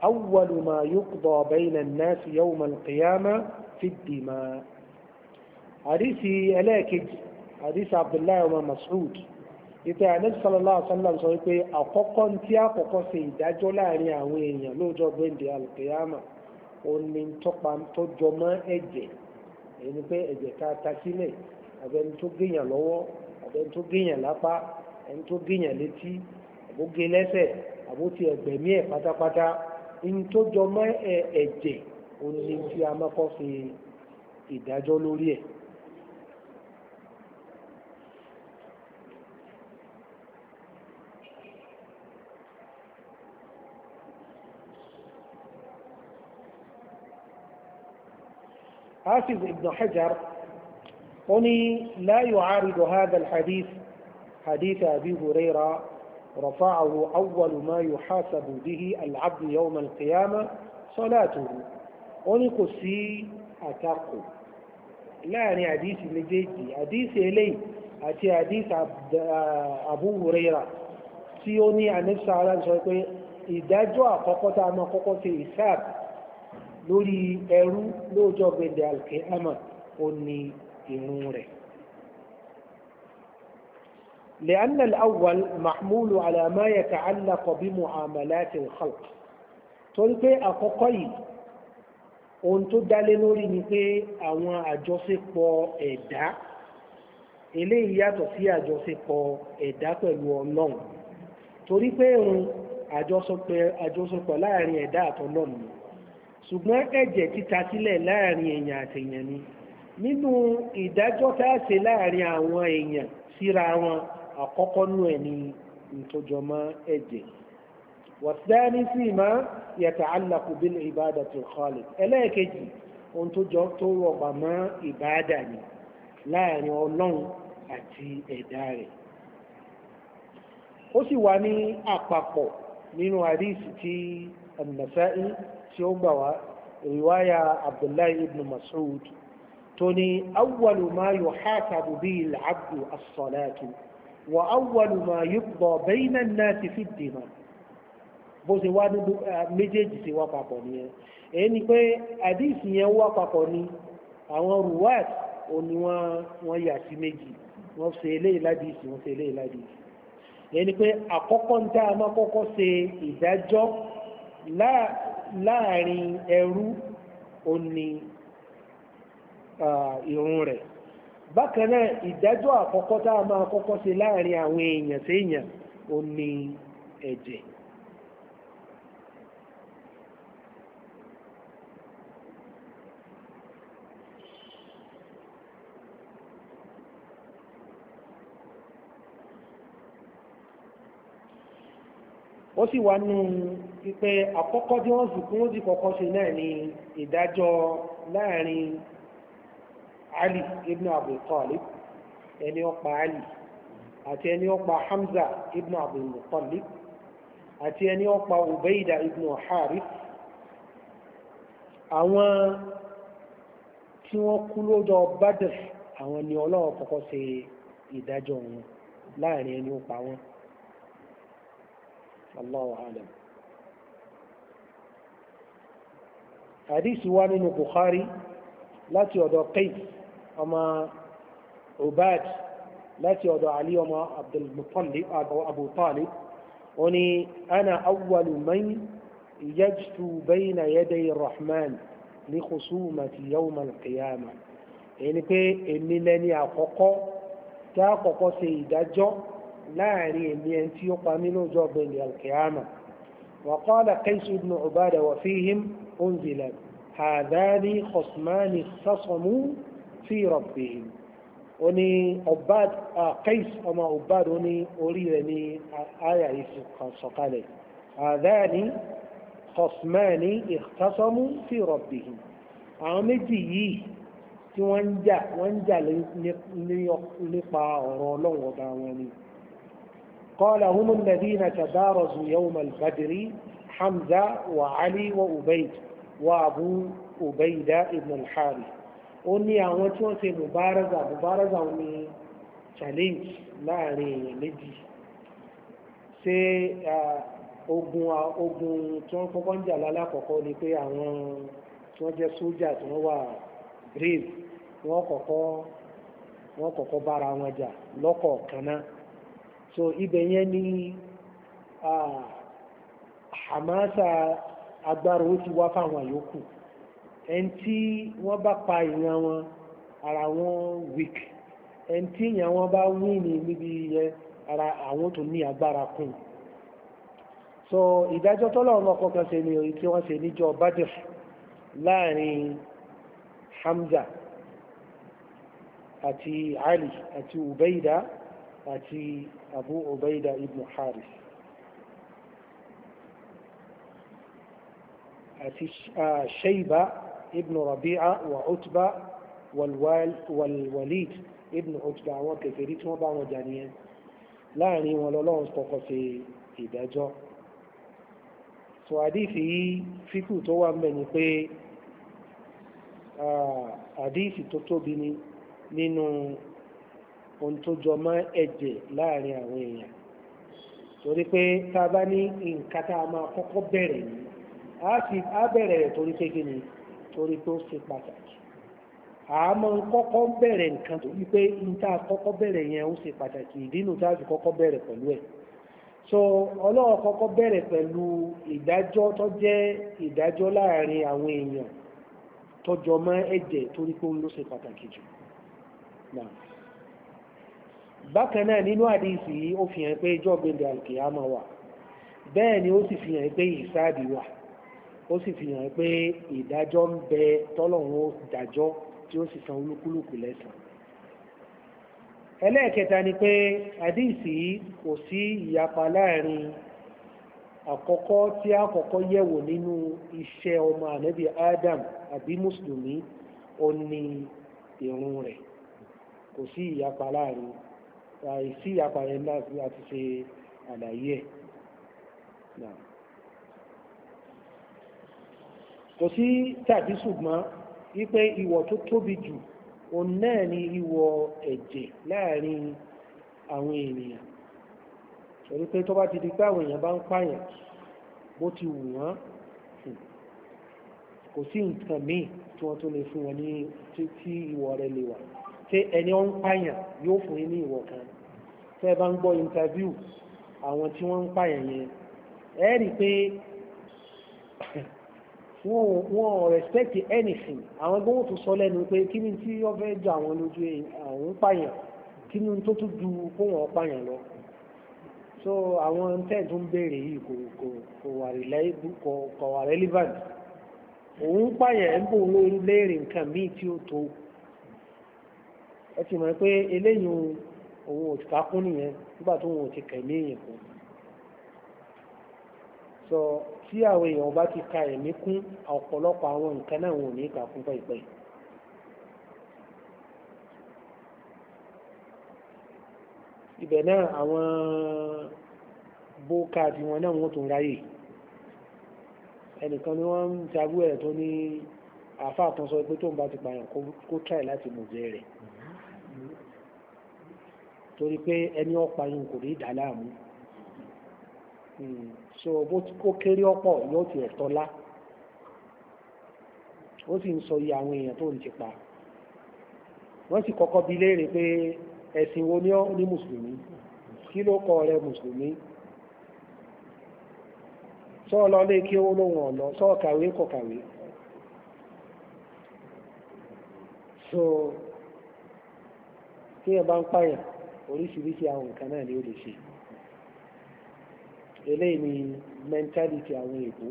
أول ما يقضى بين الناس يوم القيامة في الدماء حديث ألاكج حديث عبد الله بن مسعود ìpè ànábì sallallahu alaihi wasallam sọ wípé àkọ́kọ́ tí àkọ́kọ́ ṣe ìdájọ́ láàrin àwọn èèyàn lọ́jọ́ gbẹ̀ǹdẹ̀ alùkìyàmà òní tọ́pa tó jọ mọ́ ẹ̀jẹ̀ èyí pé ẹ̀jẹ̀ ká ta sílẹ̀ àbẹni tó gèèyàn lọ́wọ́ àbẹni tó gèèyàn lápá ẹni tó gèèyàn létí àbógé lẹ́sẹ̀ àbótí ẹgbẹ̀mí ẹ̀ pátápátá ní tó jọ mọ́ ẹ̀jẹ̀ òní tí a máa kọ́ ìdájọ́ lórí ẹ̀ حافظ ابن حجر قني لا يعارض هذا الحديث حديث أبي هريرة رفعه أول ما يحاسب به العبد يوم القيامة صلاته قني قسي أتاقو لا يعني حديث لجيجي حديث إلي أتي حديث أبو هريرة tí ó ní àníṣà aláìsọ pé ìdájọ́ àkọ́kọ́ tá a máa lórí ẹrú lóòjọ́ gbẹ̀dẹ̀ alkiyama ó ní irun rẹ̀. لأن الأول محمول على ما يتعلق بمعاملات الخلق torí pé àkọ́kọ́ yìí ohun tó dálé lórí ni pé àwọn àjọṣepọ̀ ẹ̀dá eléyìí yàtọ̀ sí àjọṣepọ̀ ẹ̀dá pẹ̀lú ọlọ́run torí pé ohun àjọṣepọ̀ láàrin ẹ̀dá àtọlọ́run ṣùgbọ́n ẹ̀jẹ̀ títa sílẹ̀ láàrin èèyàn àtèèyàn ni nínú ìdájọ́ tá a ṣe láàrin àwọn èèyàn síra wọn àkọ́kọ́ nú ẹ̀ ní ìtòjọmọ́ ẹ̀jẹ̀ wàsídáni sí ma yàtà alákù bí ìbáda tó kọ́lẹ̀ ẹlẹ́ẹ̀kejì ohun tó jọ tó rọgbà mọ́ ìbáda ni láàrin ọlọ́run àti ẹ̀dá rẹ̀ ó sì wà ní àpapọ̀ nínú àdísì tí ó gbà wá riwaya abdullahi ibn mas'ud tó ní awwalu ma yuhasabu bihi al-abdu as-salatu wa awwalu ma yuqda bayna an-nasi fi ad-dima bó ṣe wá dúdú eh, méjèèjì ṣe wá papọ̀ nìyẹn èyí ni pé àdíìsì yẹn wá papọ̀ ni àwọn ruwat òní wọ́n yà sí méjì wọ́n ṣe eléyìí ládìísì wọ́n ṣe eléyìí ládìísì èyí ni pé àkọ́kọ́ ń tá a máa kọ́kọ́ ṣe láàrin ẹrú o ni ìrun rẹ̀ bákan ìdájọ́ àkọ́kọ́ tá a máa kọ́kọ́ ṣe láàrin àwọn èèyàn sí èèyàn ó sì wá nù pípẹ àkọ́kọ́ tí wọ́n sùn kí wọ́n sì kọ́kọ́ ṣe náà ní ìdájọ́ láàrin Ali ibn Abi Talib ẹni ọ̀pá Ali àti ẹni ọ̀pá Hamza ibn Abdul Muttalib àti ẹni ọ̀pá Ubaida ibn Harith àwọn tí wọ́n kú lọ́jọ́ Badr àwọn ni Ọlọ́run kọ́kọ́ ṣe ìdájọ́ wọn láàrin ẹni ọ̀pá wọn. Allahu alam hadith wa nínú Bukhari láti ọ̀dọ̀ Qais ọmọ Ubad láti ọ̀dọ̀ Ali ọmọ Abdul Muttalib Abu Talib ó ní ana awwalu man yajtu bayna yaday rahman ní khusumati yawm al-qiyamah ẹni pé èmi lẹni àkọ́kọ́ tá àkọ́kọ́ ṣe ìdájọ́ láàrin èmi ẹni tí ó pa mí lọ́jọ́ ọ̀gbẹ̀lẹ̀ alkiyama وقال قيس بن عبادة وفيهم أنزل هذان خصمان اختصموا في ربهم oni Ubad Qais ọmọ Ubad oni orí rẹ̀ ni àyà ìsọ̀kalẹ̀ àdáni khasmani ikhtasamu fi rabbihim àwọn méjì yìí tí wọ́n ń jà wọ́n ń jà nípa ọ̀rọ̀ ọlọ́wọ́ bá wọn ni. قال هم الذين تبارزوا يوم البدر حمزة وعلي وأبيد وأبو أبيدة ابن الحارث ó ní àwọn tí wọ́n ṣe mubaraza mubaraza wọn ni challenge láàrin èèyàn méjì ṣé ogun ogun tí wọ́n kọ́kọ́ ń jà lálàkọ́kọ́ ni pé àwọn tí wọ́n jẹ́ sójà tí wọ́n wà brave wọ́n kọ́kọ́ wọ́n kọ́kọ́ bára wọn jà lọ́kọ̀ọ̀kan náà so ibẹ̀ yẹn ni hamasa agbára ó ti wá fáwọn àyókù ẹni tí wọn bá pa ìran wọn ara wọn wik ẹni tí ìyàn wọn bá wíìnì níbi yẹ ara àwọn tó ní agbára kún so ìdájọ́ tọ́lọ̀ ọmọ kọ̀ọ̀kan ṣe ni ike tí wọ́n ṣe níjọ Badr láàrin Hamza àti Ali àti Ubaida àti Abu Ubaida ibn Haris àti Shayba ibn Rabi'a wa Utba wal-Walid ibn Utba àwọn kèfèrí tí wọ́n bá wọn jà nìyẹn láàrin wọn lọ́lọ́run kọ́kọ́ ṣe ìdájọ́ so àdífì fíkù tó wà mẹ́ ni pé àdífì tó tóbi ni nínú ohun tó jọ mọ́ ẹ̀jẹ̀ láàrin àwọn èèyàn torí pé tá a bá ní nǹkan tá a máa kọ́kọ́ bẹ̀rẹ̀ ní á bẹ̀rẹ̀ rẹ̀ torí pé kí ni torí pé ó ṣe pàtàkì àmọ́ kọ́kọ́ bẹ̀rẹ̀ nǹkan tó wípé níta kọ́kọ́ bẹ̀rẹ̀ yẹn ó ṣe pàtàkì ìdínú tá a fi kọ́kọ́ bẹ̀rẹ̀ pẹ̀lú ẹ̀ so ọlọ́run kọ́kọ́ bẹ̀rẹ̀ pẹ̀lú ìdájọ́ tó jẹ́ ìdájọ́ láàrin àwọn èèyàn tó jọ mọ́ ẹ̀jẹ̀ torí pé ó ló ṣe pàtàkì jù náà bákan náà nínú àdìsí ó fi hàn pé ìjọ gbẹ̀ndẹ̀ alkiyama wà bẹ́ẹ̀ ni ó sì fi hàn pé ìsáàdì wà ó sì fi hàn pé ìdájọ́ ń bẹ tọ́lọ́run ó dájọ́ tí ó sì san olúkúlùkù lẹ́san ẹlẹ́ẹ̀kẹta ni pé àdìsí kò sí ìyapa láàrin àkọ́kọ́ tí a yẹ̀wò nínú iṣẹ́ ọmọ ànábì Adam àbí mùsùlùmí ó ní ìrun rẹ̀ kò sí ìyapa láàrin àìsí àpàrẹ ńlá àti ṣe àlàyé ẹ̀ kò sí tàbí ṣùgbọ́n wípé ìwọ̀ tó tóbi jù òun náà ni ìwọ̀ ẹ̀jẹ̀ láàrin àwọn ènìyàn torí pé tó bá ti di pé àwọn èèyàn bá ń pààyàn bó ti wù wọ́n hmm, kò sí nǹkan míì tí wọ́n tó lè fún wọn ní tí ìwọ̀ rẹ̀ lè wà ṣé ẹni ó ń pààyàn yóò fún yín ní ìwọ̀ kan tẹ́ bá ń gbọ́ interview àwọn tí wọ́n ń pààyàn yẹn ẹ rí pé wọn ò respect anything àwọn ẹgbẹ́ wọn tún sọ lẹ́nu pé kí ni tí wọ́n fẹ́ jọ àwọn lójú àwọn ń pààyàn kí ni tó tún ju kó wọn pààyàn lọ so àwọn tẹ́ẹ̀tún ń béèrè yìí kò kò kò wà relevant òun pààyàn ẹ̀ ń bò lórí léèrè nǹkan míì tí ó tó ẹ ti mọ̀ pé eléyìí òun ò ká kún nìyẹn nígbà tó òun ò ti kẹ̀mí èèyàn kún sọ tí àwọn èèyàn bá ti ka ẹ̀mí kún ọ̀pọ̀lọpọ̀ àwọn nǹkan náà wọn ò ní kà kún pẹ́ẹ́pẹ́ ibẹ̀ náà àwọn bókàdì wọn náà wọ́n tún ráyè ẹnìkan ni wọ́n ń jagú ẹ̀ tó ní àáfàá kan sọ pé tóun bá ti pààyàn kó tráì láti mọ̀jẹ́ rẹ̀ torí pé ẹni ọ̀pá yìí kò rí ìdáláàmú hmm. so bó ti kó kéré ọ̀pọ̀ yóò ti ẹ̀tọ́ lá ó sì ń sọ iye àwọn èèyàn tó ń ti pa wọ́n sì kọ́kọ́ bi léèrè pé ẹ̀sìn wo ni ó ní mùsùlùmí kí ló kọ rẹ mùsùlùmí sọ́ọ̀ lọ lé kí ó lóhun ọ̀lọ́ sọ́ọ̀ kàwé kọ̀ kàwé so kí ẹ bá ń pààyàn oríṣiríṣi àwọn nǹkan náà ni ó lè ṣe eléyìí ni mentality àwọn èbó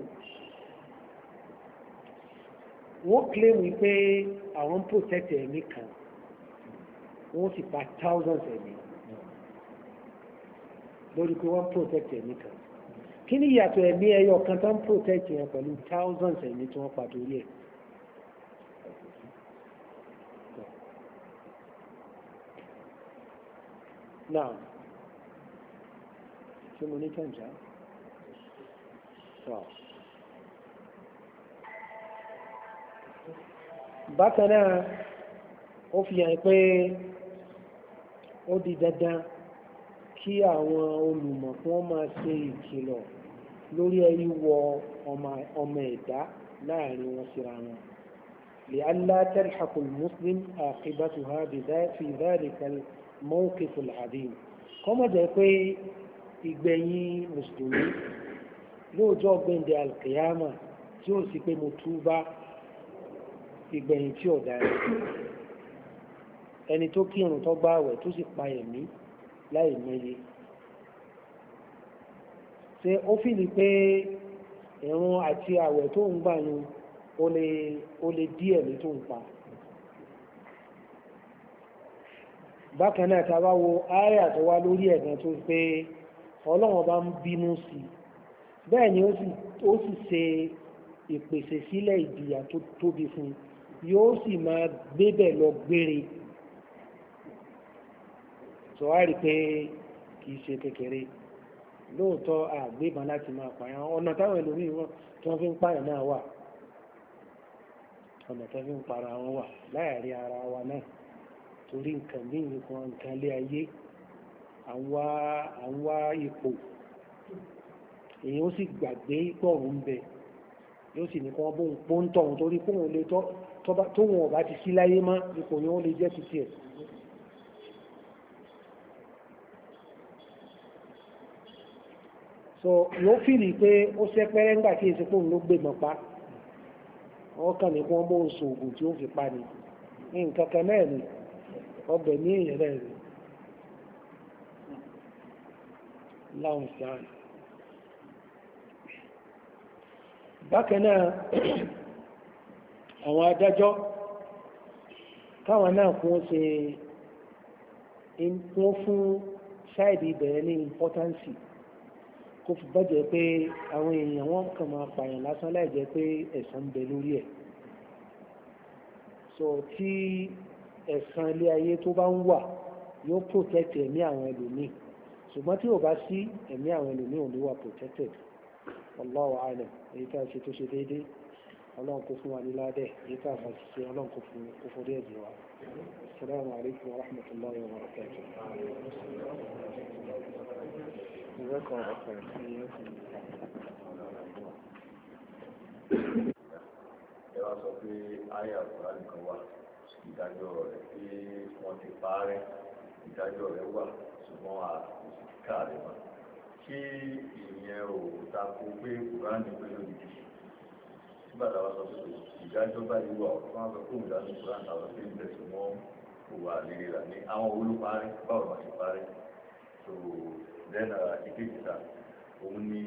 wọ́n claim wípé àwọn ń protect ẹ̀mí kan wọ́n sì pa thousands ẹ̀mí lórí pé wọ́n protect ẹ̀mí kan kí ni ìyàtọ̀ ẹ̀mí ẹyọ kan tó ń protect yẹn pẹ̀lú thousands ẹ̀mí tí wọ́n pa torí ẹ̀ نعم، ثم mo ní kẹ̀ǹjà tọ́ bákan náà ó fi hàn pé ó di dandan kí àwọn olùmọ̀ kí wọ́n máa ṣe ìkìlọ̀ lórí ẹyí wọ ọmọ ẹ̀dá láàrin wọn síra wọn لئلا تلحق المسلم عاقبتها في ذلك mawqiful adhim kọ́mọ̀jẹ́ pé ìgbẹ̀yìn mùsùlùmí lóòjọ́ gbẹ̀ndẹ̀ alkiyama tí ó sì pé mo túbá ìgbẹ̀yìn tí ọ̀dá rẹ̀ ẹni tó kírun tó gbààwẹ̀ tó sì pa ẹ̀mí láì mẹ́yẹ ṣe ó fìlì pé ìrun àti àwẹ̀ tó ń gbà yun ó lè díẹ̀ ní tó ń pa bákan náà ta bá wo áyà tó wá lórí ẹ̀gàn tó pé ọlọ́run bá ń bínú sí i bẹ́ẹ̀ ni ó sì ṣe ìpèsè sílẹ̀ ìdìyà tó tóbi fún yóò sì máa gbébẹ̀ lọ gbére tó wá rí pé kìí ṣe kékeré lóòótọ́ àgbébọn láti máa pààyàn ọ̀nà táwọn ẹlòmíín wọn tí wọ́n fi ń pààyàn náà wà ọ̀nà tó fi ń para wọn wà láàárín ara wa náà torí nǹkan ní nǹkan nǹkan lé ayé àwa ipò èyàn ó sì gbàgbé pọ̀rùn ń bẹ yóò sì nìkan bóun pọ́ńtọ̀hún torí pọ́hùn lè tóhun ọ̀bá ti sí láyé mọ́ ipò yẹn ó lè jẹ́ ti tiẹ̀ so yóò fìlì pé ó ṣe pẹ́rẹ́ ńgbà kí èsì pòun ló gbèmọ̀ pa ọkàn nìkan bóun sòògùn tí ó fi pa ni nǹkan kan náà ọbẹ̀ ní èèyàn rẹ̀ rẹ̀ láwọn ìsáàrì bákanáà àwọn adájọ́ káwọn náà kún ṣe wọ́n fún ṣáìdì ìbẹ̀rẹ̀ ní ìmpọ́tánsì kó fi bọ́jẹ̀ pé àwọn èèyàn wọn kàn máa pààyàn lásán láì jẹ́ pé ẹ̀san ń bẹ lórí ẹ̀ so tí ẹ̀sán ilé ayé tó bá ń wà yóò protect ẹ̀mí àwọn ẹlòmíì ṣùgbọ́n tí ò bá sí ẹ̀mí àwọn ẹlòmíì ò ní wà protected Allahu a'lam èyí tá a ṣe tó ṣe déédéé ọlọ́run kò fún wa ní ládẹ̀ èyí tá a fà ṣe ọlọ́run kò fún kò fún dé ẹ̀jẹ̀ wa assalamu alaikum wa rahmatullahi wa barakatuh ìdájọ́ rẹ̀ pé wọ́n ti parẹ́ ìdájọ́ rẹ̀ wà ṣùgbọ́n a kò sì ká rẹ̀ mọ́ ṣé ìyẹn ò tako pé kùránì pé lódìdí nígbàtà wa sọ pé ìdájọ́ báyìí wà fún àwọn akóhùn ìdájọ́ kùránì àwọn tó ń tẹ̀sùn mọ́ òwò àlèrè rà ní àwọn olùparí báwọn máa ṣe parí so then uh, ìkejì ta òun ni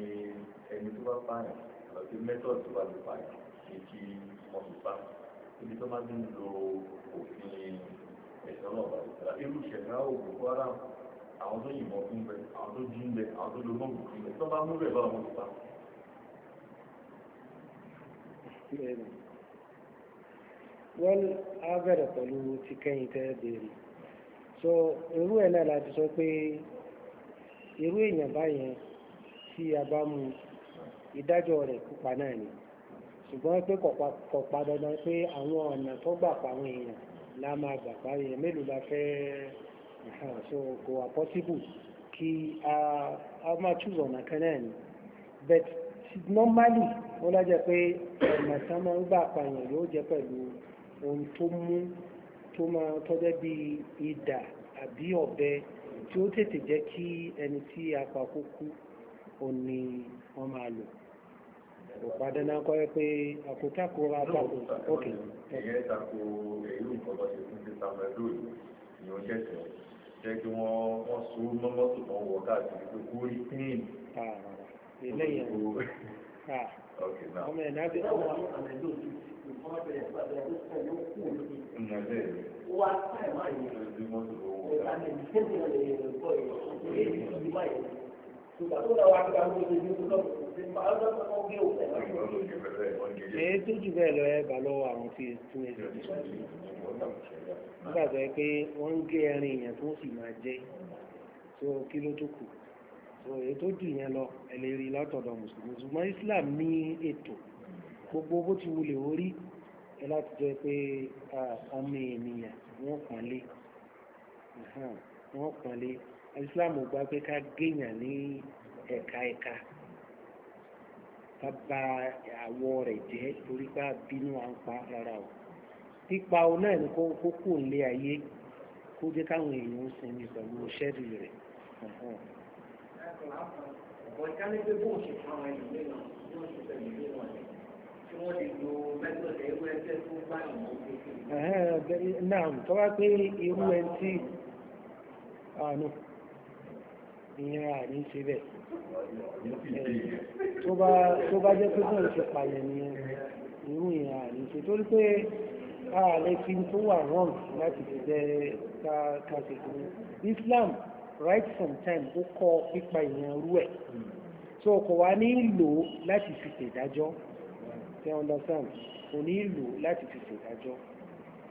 ẹni tó bá pààyàn lọ sí method tó bá lè pààyàn ní kí wọ́n fi pààyàn ibi tó bá nínú lo òfin ẹ̀sọ́ lọ́ọ̀bà ìtura irú ìṣẹ̀dá òògùn kwara àwọn tó yìnbọn fún bẹ àwọn tó jí ń bẹ àwọn tó lo mọ́ọ̀gù fún bẹ tó bá mú bẹ̀ báwọn ti pa. wọ́n á bẹ̀rẹ̀ pẹ̀lú ti kẹ́yìn tẹ́ béèrè so irú ẹ̀ náà láti sọ pé irú èèyàn báyẹn tí a bá mú ìdájọ́ rẹ̀ pupa náà ni ṣùgbọ́n pé kò pa dandan pé àwọn ọ̀nà tó gbà pàwọn èèyàn la máa gbà pa èèyàn mélòó la fẹ́ so kò wà possible kí a máa choose ọ̀nà kan náà ni but normally ó lájẹ pé ọ̀nà kan máa ń gbà pààyàn yóò jẹ́ pẹ̀lú ohun tó mú tó máa tọ́jẹ́ bí idà àbí ọ̀bẹ tí ó tètè jẹ́ kí ẹni tí a pa kó kú òní wọ́n máa lò kò padà náà kọ́ ẹ pé àkótákò ra tako ok. ìyẹn tako èyí nǹkan bá ṣe fún títà mẹ́lò ni ó ṣẹ̀ṣẹ̀ jẹ́ kí wọ́n wọ́n so mọ́mọ́tò wọn wọ káàkiri pé kó rí clean. Ah, eléyìí ah. ọmọ ẹ̀ náà fi ọmọ àmẹ́lò ìfọ́n bẹ̀rẹ̀ pàdé ọdún sẹ́yìn ó kú òní. wá èyí tó jù bẹ́ẹ̀ lọ ẹ bà lọ́wọ́ àwọn tí tún ẹ jù nígbà tó ẹ pé wọ́n ń gé ẹrin èèyàn tó sì máa jẹ́ tó kí ló tó kù tó èyí tó jù yẹn lọ ẹ lè rí látọ̀dọ̀ mùsùlùmí ṣùgbọ́n Islam ní ètò gbogbo bó ti wulẹ̀ orí ẹ láti jẹ́ pé ọmọ ènìyàn wọ́n pọ̀nlé wọ́n pọ̀nlé islam gba pé ká géèyàn ní ẹ̀ka ẹ̀ka ká bà àwọ̀ rẹ̀ jẹ́ torí pé bínú à ń pa rárá o pípa o náà ni kó ayé kó jẹ́ káwọn èèyàn ń sinmi pẹ̀lú ṣẹ́ẹ̀dì rẹ̀. ọ̀pọ̀ ìkálẹ́gbẹ́ bóun ṣe fún àwọn ẹ̀yìn wọ́n ṣe wọn náà tọ́wá pé ìyẹn àní ṣe bẹ̀ tó bá jẹ́ pé bọ́ọ̀ ti pààyàn nìyẹn irú ìyẹn àní ṣe torí pé ààrẹ fi tó wà wrong láti fi jẹ́ káàkiri Islam right sometimes ó kọ́ pípa ìyẹn rú ẹ̀ so kò wá ní lò láti fi ṣèdájọ́ ṣe understand kò ní lò láti fi ṣèdájọ́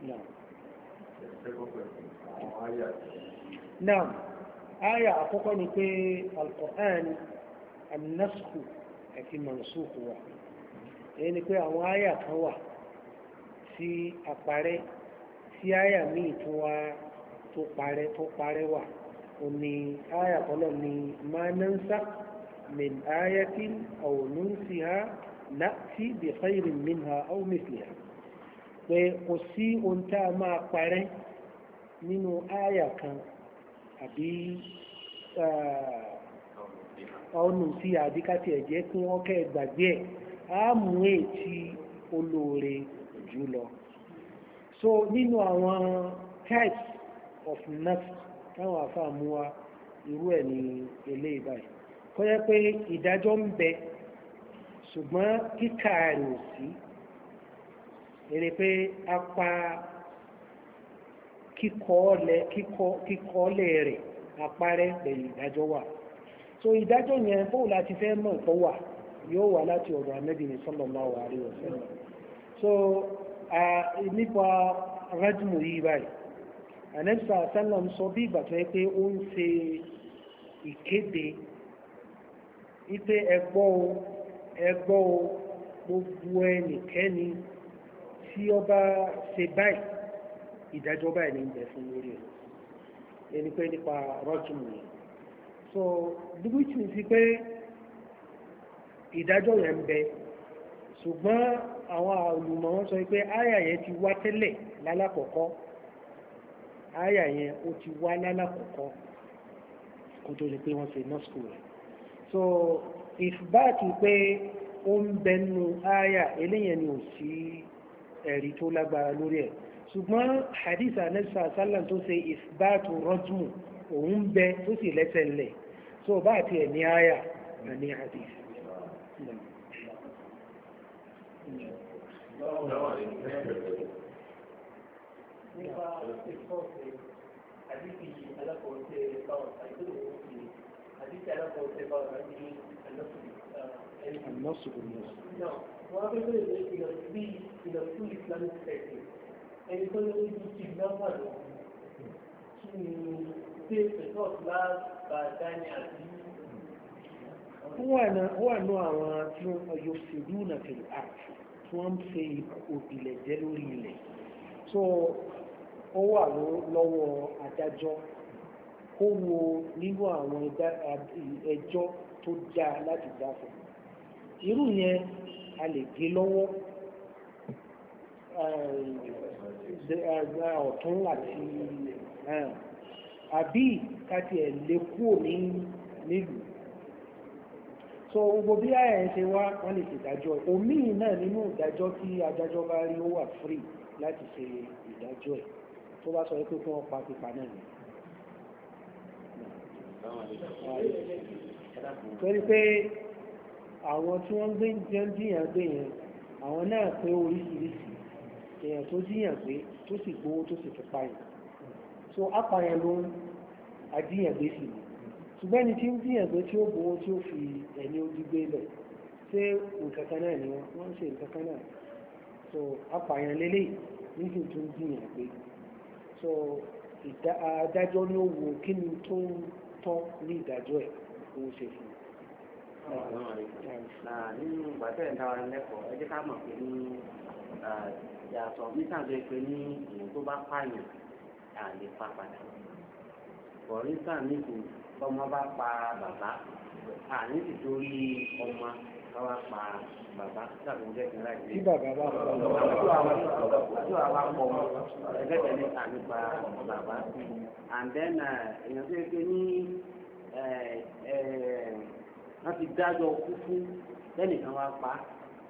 now. now aya àkọ́kọ́ ni pé alkọ̀án annasku àti mansuku wà èyí ni pé àwọn aya kan wà tí àparẹ́ tí aya míì tó wá tó parẹ́ tó parẹ́ wà ó ní aya kọ́lọ̀ ni máa nánsá min ayatin aw nunsiha na'ti bi khairin minha aw mithliha pé kò sí ohun tá a máa parẹ́ nínú aya kan àbí ọ̀nà sí àbíkátì ẹ̀jẹ́ kí wọ́n kẹ́ gbàgbé ẹ̀ a mú ètí olóore jù lọ so nínú àwọn types of nurse táwọn àfáà mú wa irú ẹ̀ ní eléyìí báyìí kọ́ yẹ pé ìdájọ́ ń bẹ ṣùgbọ́n kíkà rẹ̀ sí èrè pé a pa kíkọ́ọ̀lẹ̀ rẹ̀ apárẹ́ pẹ̀lú ìdájọ́ wà so ìdájọ́ yẹn bóò láti fẹ́ mọ̀ nǹkan wà yóò wà láti ọ̀dọ̀ amẹ́bìnrin sallallahu alaihi wasallam so nípa rajmu yìí báyìí anẹ́sà sálọ̀ ń sọ bí ìgbà tó yẹ pé ó ń ṣe ìkéde wípé ẹgbọ́ o ẹgbọ́ o gbogbo ẹnikẹ́ni tí ó bá ṣe báyìí ìdájọ́ báyìí ní ìbẹ̀ fún lórí ẹ̀ ẹni pé nípa rọ́jùmù yẹn so dúbìtì sí pé ìdájọ́ yẹn ń bẹ ṣùgbọ́n àwọn olùmọ̀ wọn sọ pé àyà yẹn ti wá tẹ́lẹ̀ lálàkọ̀kọ́ àyà yẹn ó ti wá lálàkọ̀kọ́ kó tó lè pé wọ́n ṣe nọ́ọ̀sì rẹ̀ so ìfúbáàtì pé ó ń bẹnu àyà eléyẹn ni ò sí ẹ̀rí tó lágbára lórí ẹ̀ ṣùgbọ́n hadith anẹ́sà sálà tó ṣe ìsbáàtù rọ́jùmù òun bẹ tó sì lẹ́sẹ̀ lẹ̀ tó bá àti ẹ̀ ní àyà na ní hadith. Nípa ìfọ́sẹ̀ àdìsí alákọ̀ọ́sẹ̀ báwọn àìsíwò òkè àdìsí alákọ̀ọ́sẹ̀ báwọn àìsíwò ẹ̀lọ́sùn. Ẹ̀lọ́sùn. Náà, wọ́n á fẹ́ bẹ̀rẹ̀ ìlọ̀sí ìlọ̀sí Islamic State. ẹni tó lórí ti ti mẹ́fà lọ kí ni ṣé pẹ̀tọ́ láàbà dání àti. Wọ́n nú àwọn tí ọyọ́ ṣèlú náà fi àt tí wọ́n ń ṣe òbílẹ̀ jẹ́ lórí ilẹ̀. So ó wà lọ́wọ́ adájọ́ kó wo nínú àwọn ẹjọ́ tó dáa láti dá fún. Irú yẹn a lè gé lọ́wọ́ ọ̀tún àti àbí káti ẹ̀ lè kúrò ní nílùú so gbogbo bí àyà ẹ̀ ṣe wá wọ́n lè ṣèdájọ́ omi náà nínú ìdájọ́ tí adájọ́ bá rí ó wà free láti ṣe ìdájọ́ ẹ̀ tó bá sọ pé kí wọ́n pa pípa náà ni torí pé àwọn tí wọ́n gbé jẹ́ ń díyàn gbé yẹn àwọn náà pé oríṣiríṣi èèyàn tó jíyàn gbé tó sì gbowó tó sì fi pààyàn so apààyàn ló ń ajíyàn gbé sí i ṣùgbọ́n ẹni tí ń jíyàn gbé tí ó gbowó tí ó fi ẹni ojú gbé lẹ̀ ṣé nǹkan kan náà ni wọ́n wọ́n ń ṣe nǹkan kan náà so apààyàn lélẹ̀ nígbà tó ń jíyàn gbé so adájọ́ ni ó wo kí ni tó ń tọ́ ní ìdájọ́ ẹ̀ kó o ṣe fún un nínú ìgbà tẹ̀ ń dá lẹ́kọ̀ọ́ ẹ ká mọ̀ pé ní yàtọ̀ nígbà tó pe ní èyí tó bá pààyàn à lè pa padà bọ̀rísà nìkú ọmọ bá pa bàbá à ní ìtorí ọmọ káwá pa bàbá sábà jẹ́ ìlà ìdílé. tí bàbá bá pa ọmọ tí wàá bá pọ̀ ọmọ ẹgbẹ́ tẹ̀lé àmì pa bàbá and then uh, èèyàn tó pe ní eh, eh, wọ́n ti dájọ́ kúkú lẹ́nìkan wá pa á.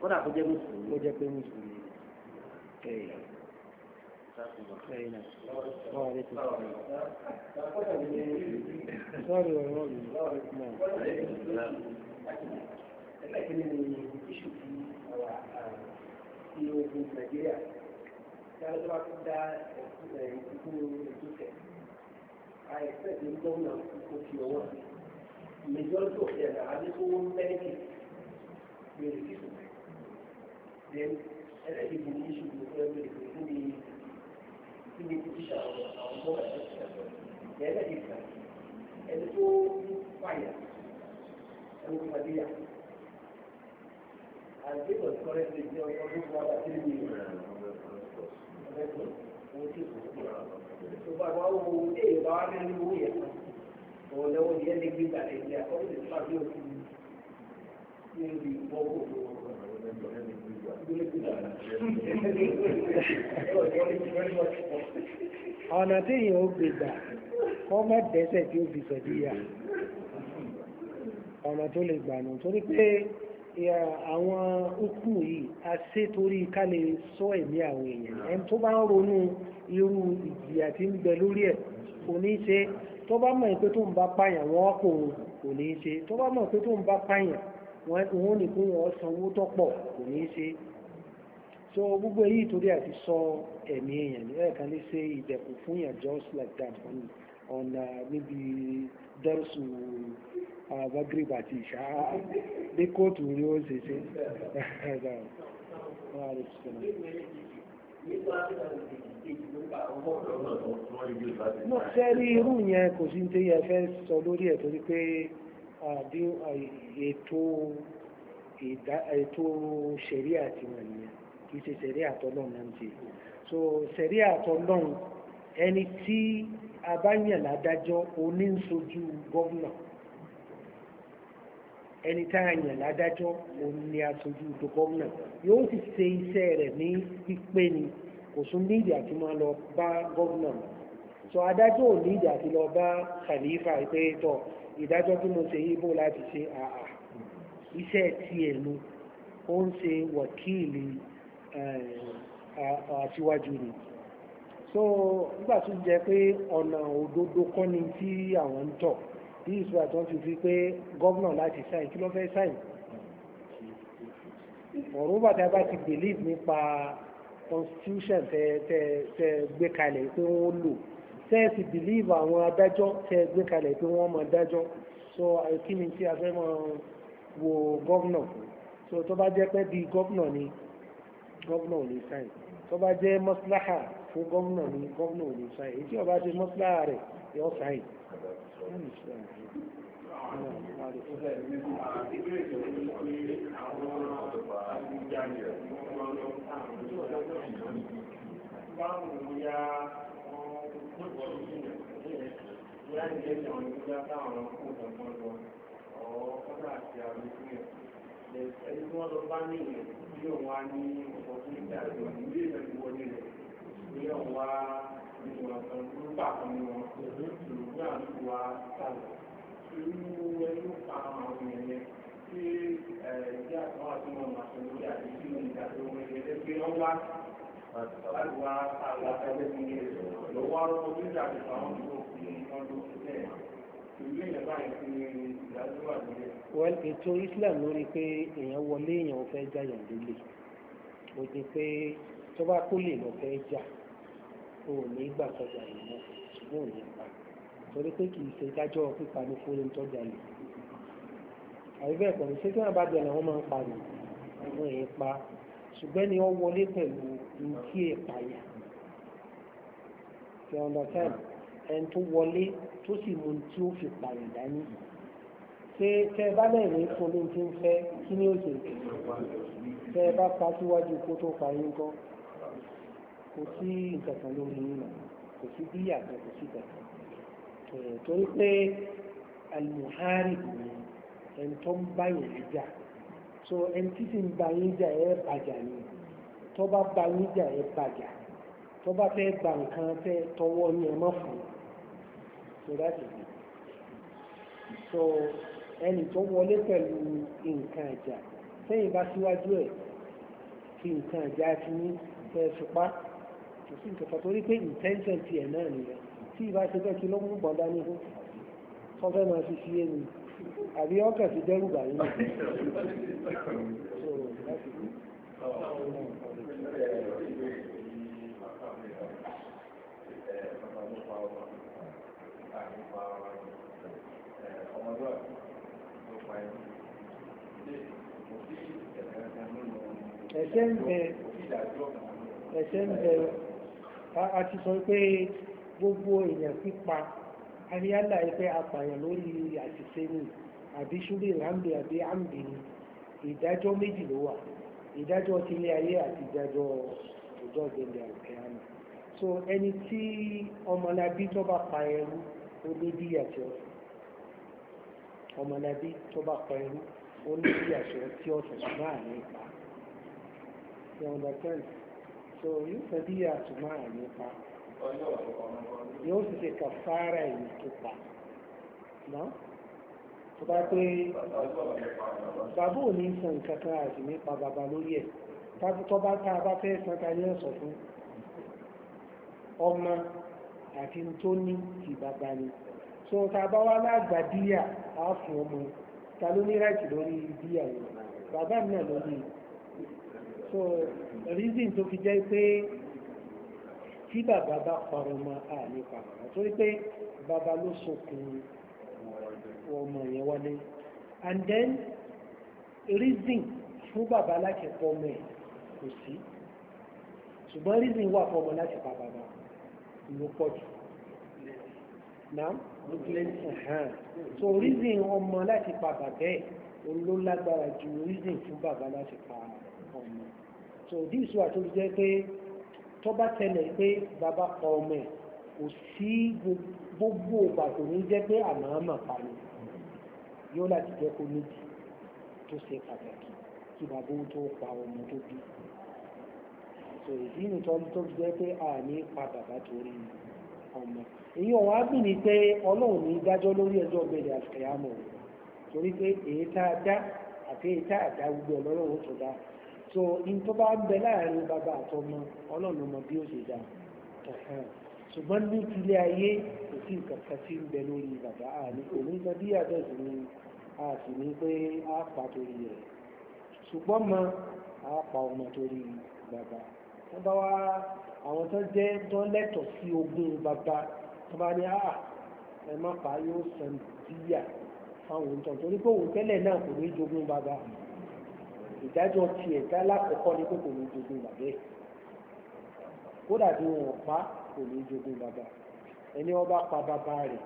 kódà kó jẹ́ mùsùlùmí. kó jẹ́ pé mùsùlùmí. Sọ́ọ̀rì ọ̀rọ̀ mi. Ẹgbẹ́ ìpínlẹ̀ ni iṣu ti ti ogun Nàìjíríà. Dáadọ́ wá tún dá ìkú ètò tẹ̀. Àìsẹ́ ti ń gbọ́nà kó fi ọwọ́ sí. Mẹjọ́rọ́tò ọ̀fẹ́ àdékòwò mẹ́rìndì. Mẹrìndì sùn then ẹlẹ́dìbò ní ìṣù tó fẹ́ wọlé pé kí ni kí ni kò ṣe àwọn àwọn ọmọ ẹ̀ṣẹ̀ ṣe àgbẹ̀ then ẹlẹ́dìbò ẹni tó fàyà ẹni tó fàdíyà and they were correct with the ọdún tó wà láti rí mi. Ìgbà wo wo ilé ìgbà wa ní owó yẹn kan? Òun lọ́wọ́ yẹn lè gbé ìgbà lẹ́yìn àkọ́kọ́ ìgbà yóò fi ní ibi ìgbọ́kọ̀ tó wọ́n ọ̀nà tí yìí ó gbé gbà wọ́n má dẹ́sẹ̀ tí ó fi sọ̀díyà ọ̀nà tó lè gbà nù torí pé àwọn ukú yìí a ṣe torí ká lè sọ ẹ̀mí àwọn èèyàn ẹni tó bá ń ronú irú ìjìyà tí ń bẹ lórí ẹ̀ kò ní ṣe tó bá mọ̀ pé tó ń bá pààyàn wọ́n kò ní ṣe tó bá mọ̀ pé tó ń bá pààyàn wọ́n ní pé wọ́n sanwó tó pọ̀ kò ní í ṣe so gbogbo èyí torí àti sọ ẹ̀mí èèyàn ní ẹ̀ẹ̀kan lè ṣe ìdẹ̀kùn fún yàn just like that ọ̀nà uh, níbi dẹ́rùsù àbágrìb uh, àti ìṣá dé kóòtù ni ó ṣe ṣe ẹ̀ẹ́dà wọ́n irú yẹn kò sí ní tẹ́yẹ fẹ́ sọ lórí ẹ̀ torí pé àbí ètò ètò ṣẹ̀ríà tí wọ́n nìyẹn kìí ṣe ṣẹ̀ríà tọ́lọ́run náà ń ṣe so ṣẹ̀ríà tọ́lọ́run ẹni tí a bá yàn ládájọ́ oní ń sojú gọ́vnà ẹni tá a yàn ládájọ́ òun ni aṣojú gọ́vnà yóò sì ṣe iṣẹ́ rẹ̀ ní pípé ni kò sún ní ìdí àti máa lọ bá gọ́vnà so adájọ́ ò ní ìdí àti lọ bá khalifa pé tọ́ ìdájọ́ tí mo ṣe yíbò láti ṣe àà iṣẹ́ tí ẹnu ó ń ṣe wàkíìlì àtiwájú ni so nígbà tó jẹ́ pé ọ̀nà òdodo kọ́ ni tí àwọn ń tọ̀ bí ìṣúra tó ń fi fi pé gọ́vnà láti sáìn kí ló fẹ́ sáìn ọ̀rọ̀ bàtà bá ti believe nípa constitution tẹ tẹ tẹ gbé kalẹ̀ pé wọ́n lò tẹ́ẹ̀sì bìlíìfù àwọn adájọ́ tẹ́ẹ̀ gbé kalẹ̀ pé wọ́n máa dájọ́ so kí ni tí a fẹ́ máa wo gọ́vnọ̀ so tó bá jẹ́ pé bíi gọ́vnọ̀ ni gọ́vnọ̀ ò lè sáyìn tó bá jẹ́ mọ́síláhà fún gọ́vnọ̀ ni gọ́vnọ̀ ò lè sáyìn èyí tí ó bá ṣe mọ́síláhà rẹ̀ yóò sáyìn. Báwo ya ẹni tí wọ́n lọ bá ní ìyẹn bí òun wá ní ọdún nígbà tí wọ́n ní ilé ìlú wọlé rẹ̀ bí òun wá ní wọn kan gúrúpà kan ní wọn lòdì àti wá sàlẹ̀ irú ẹni pa àwọn ènìyàn yẹn tí ẹ̀ẹ́dí àtúwà tí wọ́n máa ṣe lórí àdéhùn ìdájọ́ wọn ẹgbẹ́ wọn wá láìwá àgbàtàgbẹ́ sí lọ́wọ́ arọ́pọ̀ tó jà àti àwọn tó fi ọdún sílẹ̀ ìlú èèyàn báyìí sí ìdájọ́ wà nílẹ̀. wọ́n ètò Islam lórí pé èèyàn wọlé èèyàn fẹ́ jáyàn lólè ó ti pé tó bá kó lè lọ fẹ́ jà ó ní gbà tọ́jà yìí ṣùgbọ́n ò pa torí pé kì í ṣe dájọ́ pípa ní fún ẹni tọ́jà lè àbí bẹ́ẹ̀ pẹ̀lú ṣé tí wọ́n bá jẹ làwọn máa ń pa nìyí àwọn èèyàn pa ṣùgbọ́n ni wọ́n wọlé pẹ̀lú nǹkí ìpààyà you understand ẹni tó wọlé tó sì mú tí ó fi pààyà dání ṣé tẹ ẹ bá lẹ́yìn fún ní ti ń fẹ́ kí ni ó ṣe tẹ ẹ bá pa síwájú kó tó pa yín gan kò sí nǹkan kan lórí yín kò sí bí yàtọ̀ kò sí kankan torí pé alimuhari ẹni tó ń báyìí jà so ẹni tí sì ń ba yín jà ẹ bàjà ni tó bá ba yín jà ẹ bàjà tó bá gba nǹkan fẹ́ tọwọ́ ní ẹ mọ́ fún so that's it so ẹni tó wọlé pẹ̀lú nǹkan ẹ̀jà sẹ́yìn bá síwájú ẹ̀ fi nǹkan ẹ̀jà ti ní fẹ́ fipá kò sí nǹkan kan torí pé intention tiẹ̀ náà nìyẹn tí ìbá kí ló mú bọ̀dá ní fún tọ́fẹ́ máa fi fi yé ni àbí ọkàn ti dẹ́rù bà nínú ẹ̀ṣẹ̀ ń bẹ ẹ̀ṣẹ̀ ń bẹ a ti sọ pé gbogbo èèyàn pípa ẹni Allah yìí fẹ́ apààyàn lórí àṣìṣe ni àbí ṣúlẹ̀ ìhàmdè àbí àmdè ni ìdájọ́ méjì ló wà ìdájọ́ ti ilé ayé àti ìdájọ́ ọjọ́ ìgbẹ̀lẹ̀ àlùkẹ́yàmù so ẹni tí ọmọlábí tó bá pa ẹrú ó ní bí àṣọ ọmọlábí tó bá pa ẹrú ó ní bí àṣọ tí ọ̀sẹ̀ ṣùgbọ́n àní pa so yóò fẹ́ bí àṣùmọ́ àní pa yóò sì ṣe kàfàrà èyí tó pa ná tó bá pé bàbá ò ní san nǹkan kan àti nípa bàbá lórí ẹ̀ tó bá tá a bá fẹ́ san ta ní ọ̀sán fún ọmọ àti tó ní ti bàbá ni so tá a bá wá lágbà díyà á fún ọmọ ta ló ní ráìtì lórí díyà yìí bàbá náà lórí so reason tó fi jẹ́ pé tí bàbá bá parọ́ ọmọ àní parọ́ ọmọ torí pé bàbá ló sokùn ọmọ yẹn wọlé and then reason fún bàbá láti pọ̀ ọmọ ẹ̀ kò sí ṣùgbọ́n reason wà fún ọmọ láti pa bàbá ló pọ̀ jù náà ló tilẹ̀ hàn so reason ọmọ láti pa bàbá ẹ̀ ló ju reason fún bàbá láti pa ọmọ so this wà tó jẹ́ pé tó bá tẹlẹ̀ pé bàbá pa ọmọ ẹ̀ kò sí gbogbo ìgbà kò ní jẹ́ pé àmàmà pa ni yóò láti jẹ́ kó méjì tó ṣe pàtàkì kí bàbá ó tó pa ọmọ tó bí so èyí nìkan tó jẹ́ pé a ní pa bàbá torí ọmọ èyí ọ̀wọ́n á bì ní pé ọlọ́run ní dájọ́ lórí ẹjọ́ bẹ̀rẹ̀ àfẹ́yàmọ̀ torí pé èyí tá a dá àti èyí tá a dá gbogbo ọlọ́run ó tó dá so in tó bá ń bẹ láàrin bàbá àtọmọ ọlọ́run ọmọ bí ó ṣe dá ṣùgbọ́n ní ilé ayé kò sí nǹkan kan tí ń bẹ lórí bàbá àní onígbà bí àdọ́sì ni a sì ní pé a pa torí rẹ̀ ṣùgbọ́n mọ a pa ọmọ torí bàbá wọ́n bá wá àwọn tó jẹ́ tó lẹ́tọ̀ọ́ sí ogún bàbá tó bá ní àà ah, ẹ má pa yóò san díyà fáwọn ohun tó torí pé òun tẹ́lẹ̀ náà kò ní jogún bàbá àmọ́ ìdájọ́ tiẹ̀ dá lákòókò ní pé kò ní jogún bàbá ẹ̀ kódà bí wọn pa kò ní jogún bàbá ẹni ó bá pa bàbá rẹ̀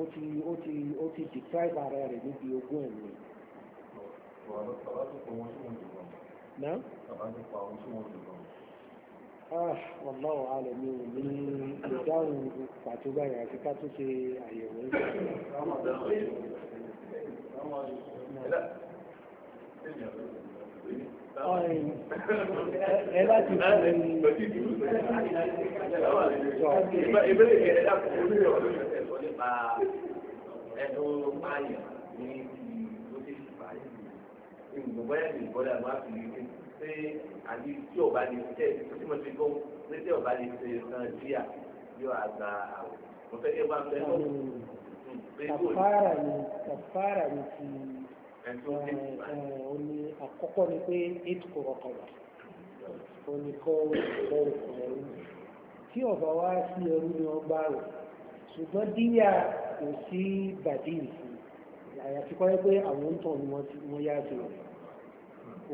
ó ti ó ti ó ti deprive ara rẹ̀ níbi ogún ẹ̀ nìyẹn. Náà. Wallahu alẹ́mi ò ní ìdáhùn pàtó báyìí àti ká tó ṣe àyẹ̀wò ìgbà ẹ láti ṣe àbí tí ọba lè tẹ tí mo ti gbọ́ pé tí ọba lè ṣe san díà yóò àgbà àwọ̀ mo fẹ́ kí ẹ bá fẹ́ lọ. kàfàrà ni kàfàrà ni ti ó ní àkọ́kọ́ ni pé eight kò rọ̀kọ̀ wà ó ní kọ́ ọ̀pọ̀ òkùn ẹ̀rú tí ọ̀bà wá sí ẹrú ni wọ́n gbá rẹ̀ ṣùgbọ́n díyà kò sí bàdíì sí àyàfi kọ́ pé àwọn ń tàn ni wọ́n yá jù rẹ̀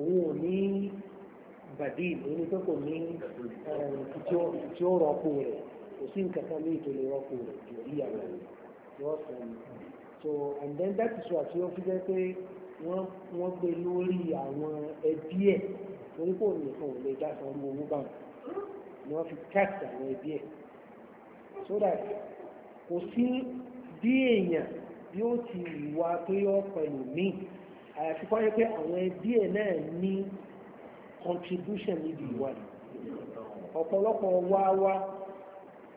òun ò ní bàdíì ó ní pé kò ní tí ó rọ́pò rẹ̀ kò sí nǹkan kan ní ìtòlè rọ́pò rẹ̀ kò díyà rẹ̀ yóò sọ so and then that is why tí ó fi jẹ́ pé wọ́n gbé lórí àwọn ẹbí ẹ̀ torí kò nìkan ò lè dáṣọ ọmọ owó bá wọn ni wọ́n fi káàkiri àwọn ẹbí ẹ̀ so that kò sí bí èèyàn bí ó ti wà pé yọ pẹ̀lú míì àyàfi kọ́ yẹ pé àwọn ẹbí ẹ̀ náà ní contribution níbi ìwà rẹ̀ ọ̀pọ̀lọpọ̀ wá wá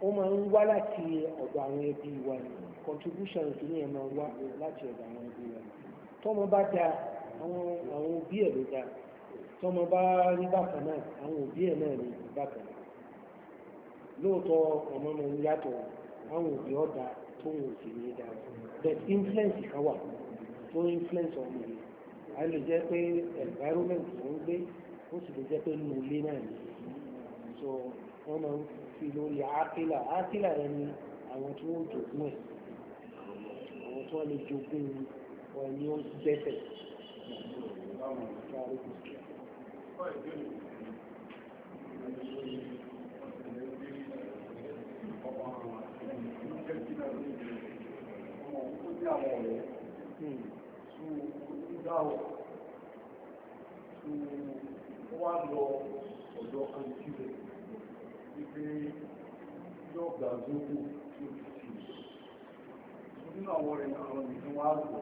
ó máa ń wá láti ọ̀dọ̀ àwọn ẹbí wa contribution ìdílé yẹn máa ń wá láti ọ̀dọ̀ àwọn ẹbí wa tọ́mọ bá da àwọn òbí ẹ̀ ló da tọ́mọ bá rí bákan náà àwọn òbí ẹ̀ náà rí bákan náà lóòótọ́ ọmọ ọmọ ń yàtọ̀ àwọn òbí ọ̀dà tó ń òsì ní ìdá but influence kan wà tó influence ọmọ yìí a lè jẹ́ pé environment ló ń gbé ó sì lè jẹ́ pé nínú ilé náà ni so wọ́n máa ń fi lórí ákílà ákílà rẹ ni àwọn tí wọ́n jogún ẹ̀ àwọn tí wọ́n lè jogún ẹ̀ wọn ni ó dẹ́sẹ̀. Wọ́n á lọ ọ̀dọ́ kan tí ó wípé yóò gbà gbogbo tí ó ti sí. Nínú àwọn ẹ̀yàn àwọn ìdíwọ́ àgbọ̀.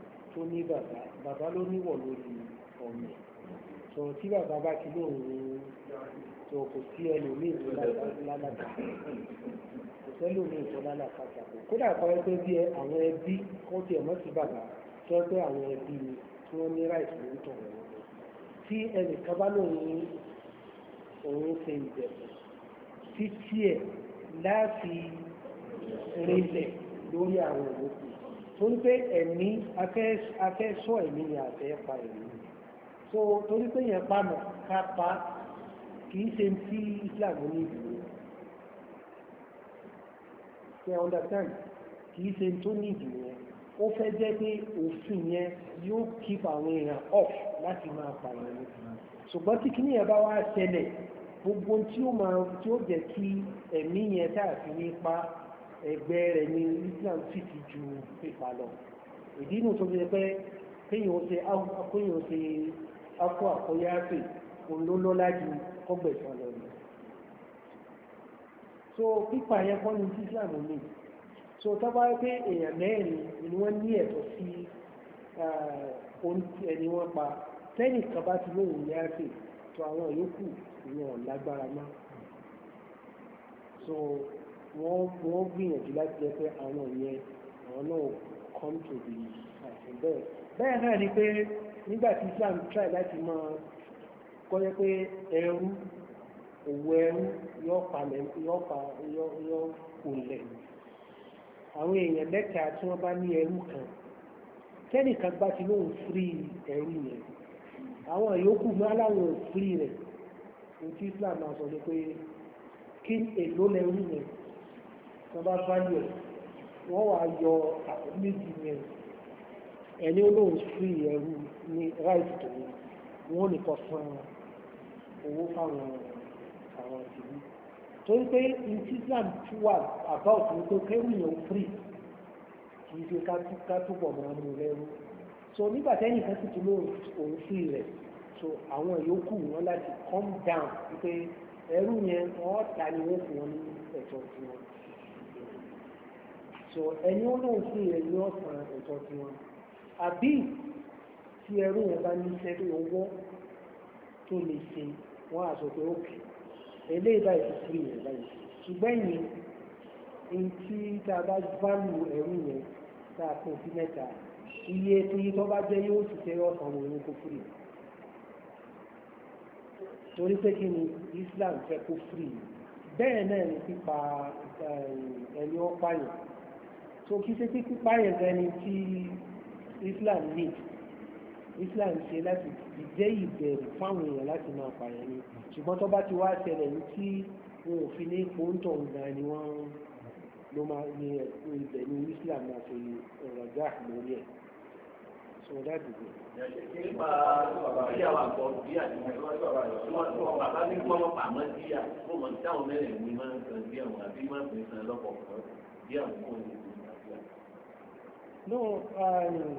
tó ní bàbá bàbá ló níwọ̀ lórí ọmọ tó tí bàbá bá ti lóun tó kò sí ẹlòmíì tó lálàkà kò sẹ́lòmíì tó lálàkà kàkó kódà kọ́ ẹgbẹ́ bí àwọn ẹbí kó tiẹ̀ mọ́ sí bàbá tó ẹgbẹ́ àwọn ẹbí ni tí wọ́n ní ráìtì ló ń tọ̀ wọ́n tí ẹnìkan bá lóun òun ṣe ìjẹ̀bù títí ẹ̀ láti rinlẹ̀ lórí àwọn òwòkù torí pé ẹ̀mí afẹ́ sọ ẹ̀mí ni àfẹ́ pa ẹ̀mí so torí pé yẹn pamọ́ ká pa kìí ṣe ti Islam ní ìdúró ṣe understand kìí ṣe tó ní ìdúró yẹn ó fẹ́ jẹ́ pé òfin yẹn yóò keep àwọn èèyàn off láti máa pa ẹ̀mí ṣùgbọ́n tí kìíní yẹn bá wá ṣẹlẹ̀ gbogbo tí ó jẹ́ kí ẹ̀mí yẹn tá fi ní pa á ẹgbẹ́ rẹ̀ ní Islam sì ti ju pípa lọ ìdí inú tó fi ṣe pé kéèyàn ṣe akóyàn ṣe akó àkóyáàpè òun ló lọ́lá ju lọ ni so pípa yẹn kọ́ ní Islam ní so tó bá pé èèyàn mẹ́rin ni wọ́n ní ẹ̀tọ́ sí ẹni wọ́n pa tẹ́nì kan bá ti lóyún yáàpè tó àwọn yòókù ìyẹn lágbára mọ́ so wọ́n gbìyànjú láti jẹ́ pé àwọn yẹn àwọn náà come to the àìsàn bẹ́ẹ̀. bẹ́ẹ̀ náà ni pé nígbà tí Islam try láti máa kọ́yẹ́ pé ẹrú òwò ẹrú yọ palẹ̀ yọ pa yọ kò lẹ̀ àwọn èèyàn mẹ́ta tí wọ́n bá ní ẹrú kan kẹ́nìkan bá ti lóun free ẹrú yẹn àwọn ìyókù mọ́ aláwọ̀ free rẹ̀ ní ti Islam máa sọ ni pé kí èlò lẹ́rú yẹn wọ́n bá value ẹ̀ wọ́n wá yọ méjì yẹn ẹni olóhùn free ẹrú ní right tó ní wọ́n nìkan san owó fáwọn àwọn ìlú torí pé intislam tí wà about ní pé kẹ́rù yẹn free kì í ṣe ká túbọ̀ máa mú lẹ́rú so nígbà tẹ́yìn kan sì tún lóhùn òun free rẹ̀ so àwọn yòókù wọn láti calm down pé ẹrú yẹn wọ́n ta ni wọ́n fún wọn ní ẹ̀tọ́ tiwọn so ẹni ó lóun sí ẹni ọ̀sán ẹ̀tọ́ tí wọn àbí tí ẹrú yẹn bá níṣẹ́ pé owó tó lè ṣe wọ́n á sọ pé òkè eléyìí báyìí ti sí ìyẹn báyìí ṣùgbọ́n yìí tí tá a bá válù ẹrú yẹn tá a pín sí mẹ́ta iye tí tó bá jẹ́ yóò sì tẹ́ ọ̀sán wọn ní kó fúri torí pé kí ni Islam fẹ́ kó fúri bẹ́ẹ̀ náà ni pípa eh, ẹni ọ̀pá so kí ṣe kí pípáyà ẹni tí Islam ní Islam ṣe láti jẹ́ ìbẹ̀rù fáwọn èèyàn láti máa pààyàn ni ṣùgbọ́n tó bá ti wá ṣẹlẹ̀ ní tí wọn ò fi ní pòńtọ̀ ǹgà ni wọ́n ló máa ní ibẹ̀ ní Islam máa fi ọ̀rọ̀ gbà lórí ẹ̀ so that is it. nípa ìyàwó àgbọ̀ díà ní wọ́n bàbá ní wọ́n pàmò díà fún mọ̀ táwọn mẹ́rin ìwé máa ń san díà wọn àbí máa ń pè é san lọ́pọ̀ díà wọn kò ní no um,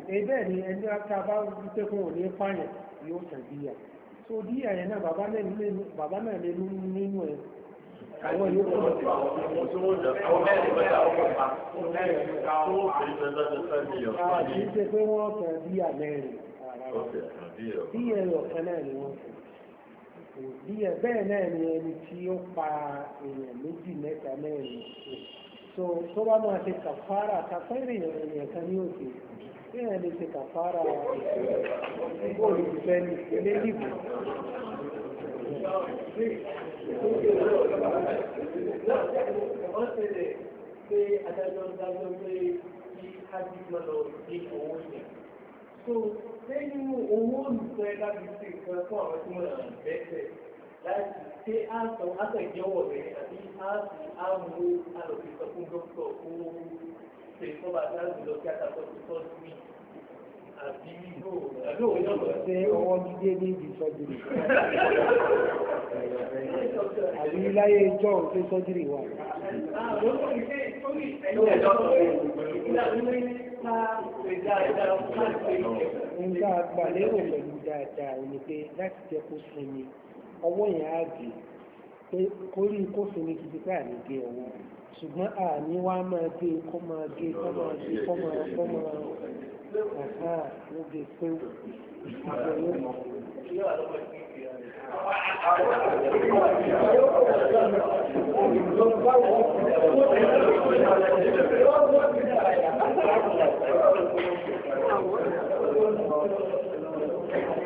eh, ẹ̀bẹ̀ ni ẹni ata bá wípé kún òní pààyàn yóò sàn díyà so díyà yẹn náà bàbá náà lè mú nínú ẹ̀ àwọn yóò kọ́ àti ah, ṣe pé wọ́n sàn díyà mẹ́rin díyà ẹ̀rọ kan náà ni wọ́n sàn díyà bẹ́ẹ̀ náà ni ẹni tí ó pa èèyàn méjì mẹ́ta mẹ́rin so tó bá máa ṣe kàfàrà kàfẹ́rì èèyàn kan ní òkè èèyàn lè ṣe kàfàrà bóòlù ìfẹ́ ní ilé ìbò. Pé adájọ́ ń dájọ́ pé kí Ádìmọ̀ lọ ní owó yẹn. So, lẹ́yìn owó olùfẹ́ láti ṣe nǹkan fún àwọn tí wọ́n ti bẹ́sẹ̀ a sai an sau aka yawa da ya a asu amu alòfisọ fún dókítà fún ṣèkọ́ bá dáàbò lọ sí àtàkọ́sí sọ́ọ̀tì àbí ṣe ọwọ́ dídé ní ìsọjúrì àbí láyé ìjọ ṣe sọjúrì wà. àwọn ọmọ ìgbé sórí ẹ̀yìn ẹ̀dọ́ ń ká gbàlérò pẹ̀lú dáadáa ni pé láti jẹ́ kó sinmi ọwọ́ yẹn á gé pé kórí kó fi ní kìí pé àní gé ọwọ́ ṣùgbọ́n àní wá máa gé kó máa gé kó máa gé kó máa kó máa ọ̀há ló gé pé àbọ̀ mọ̀. Thank you.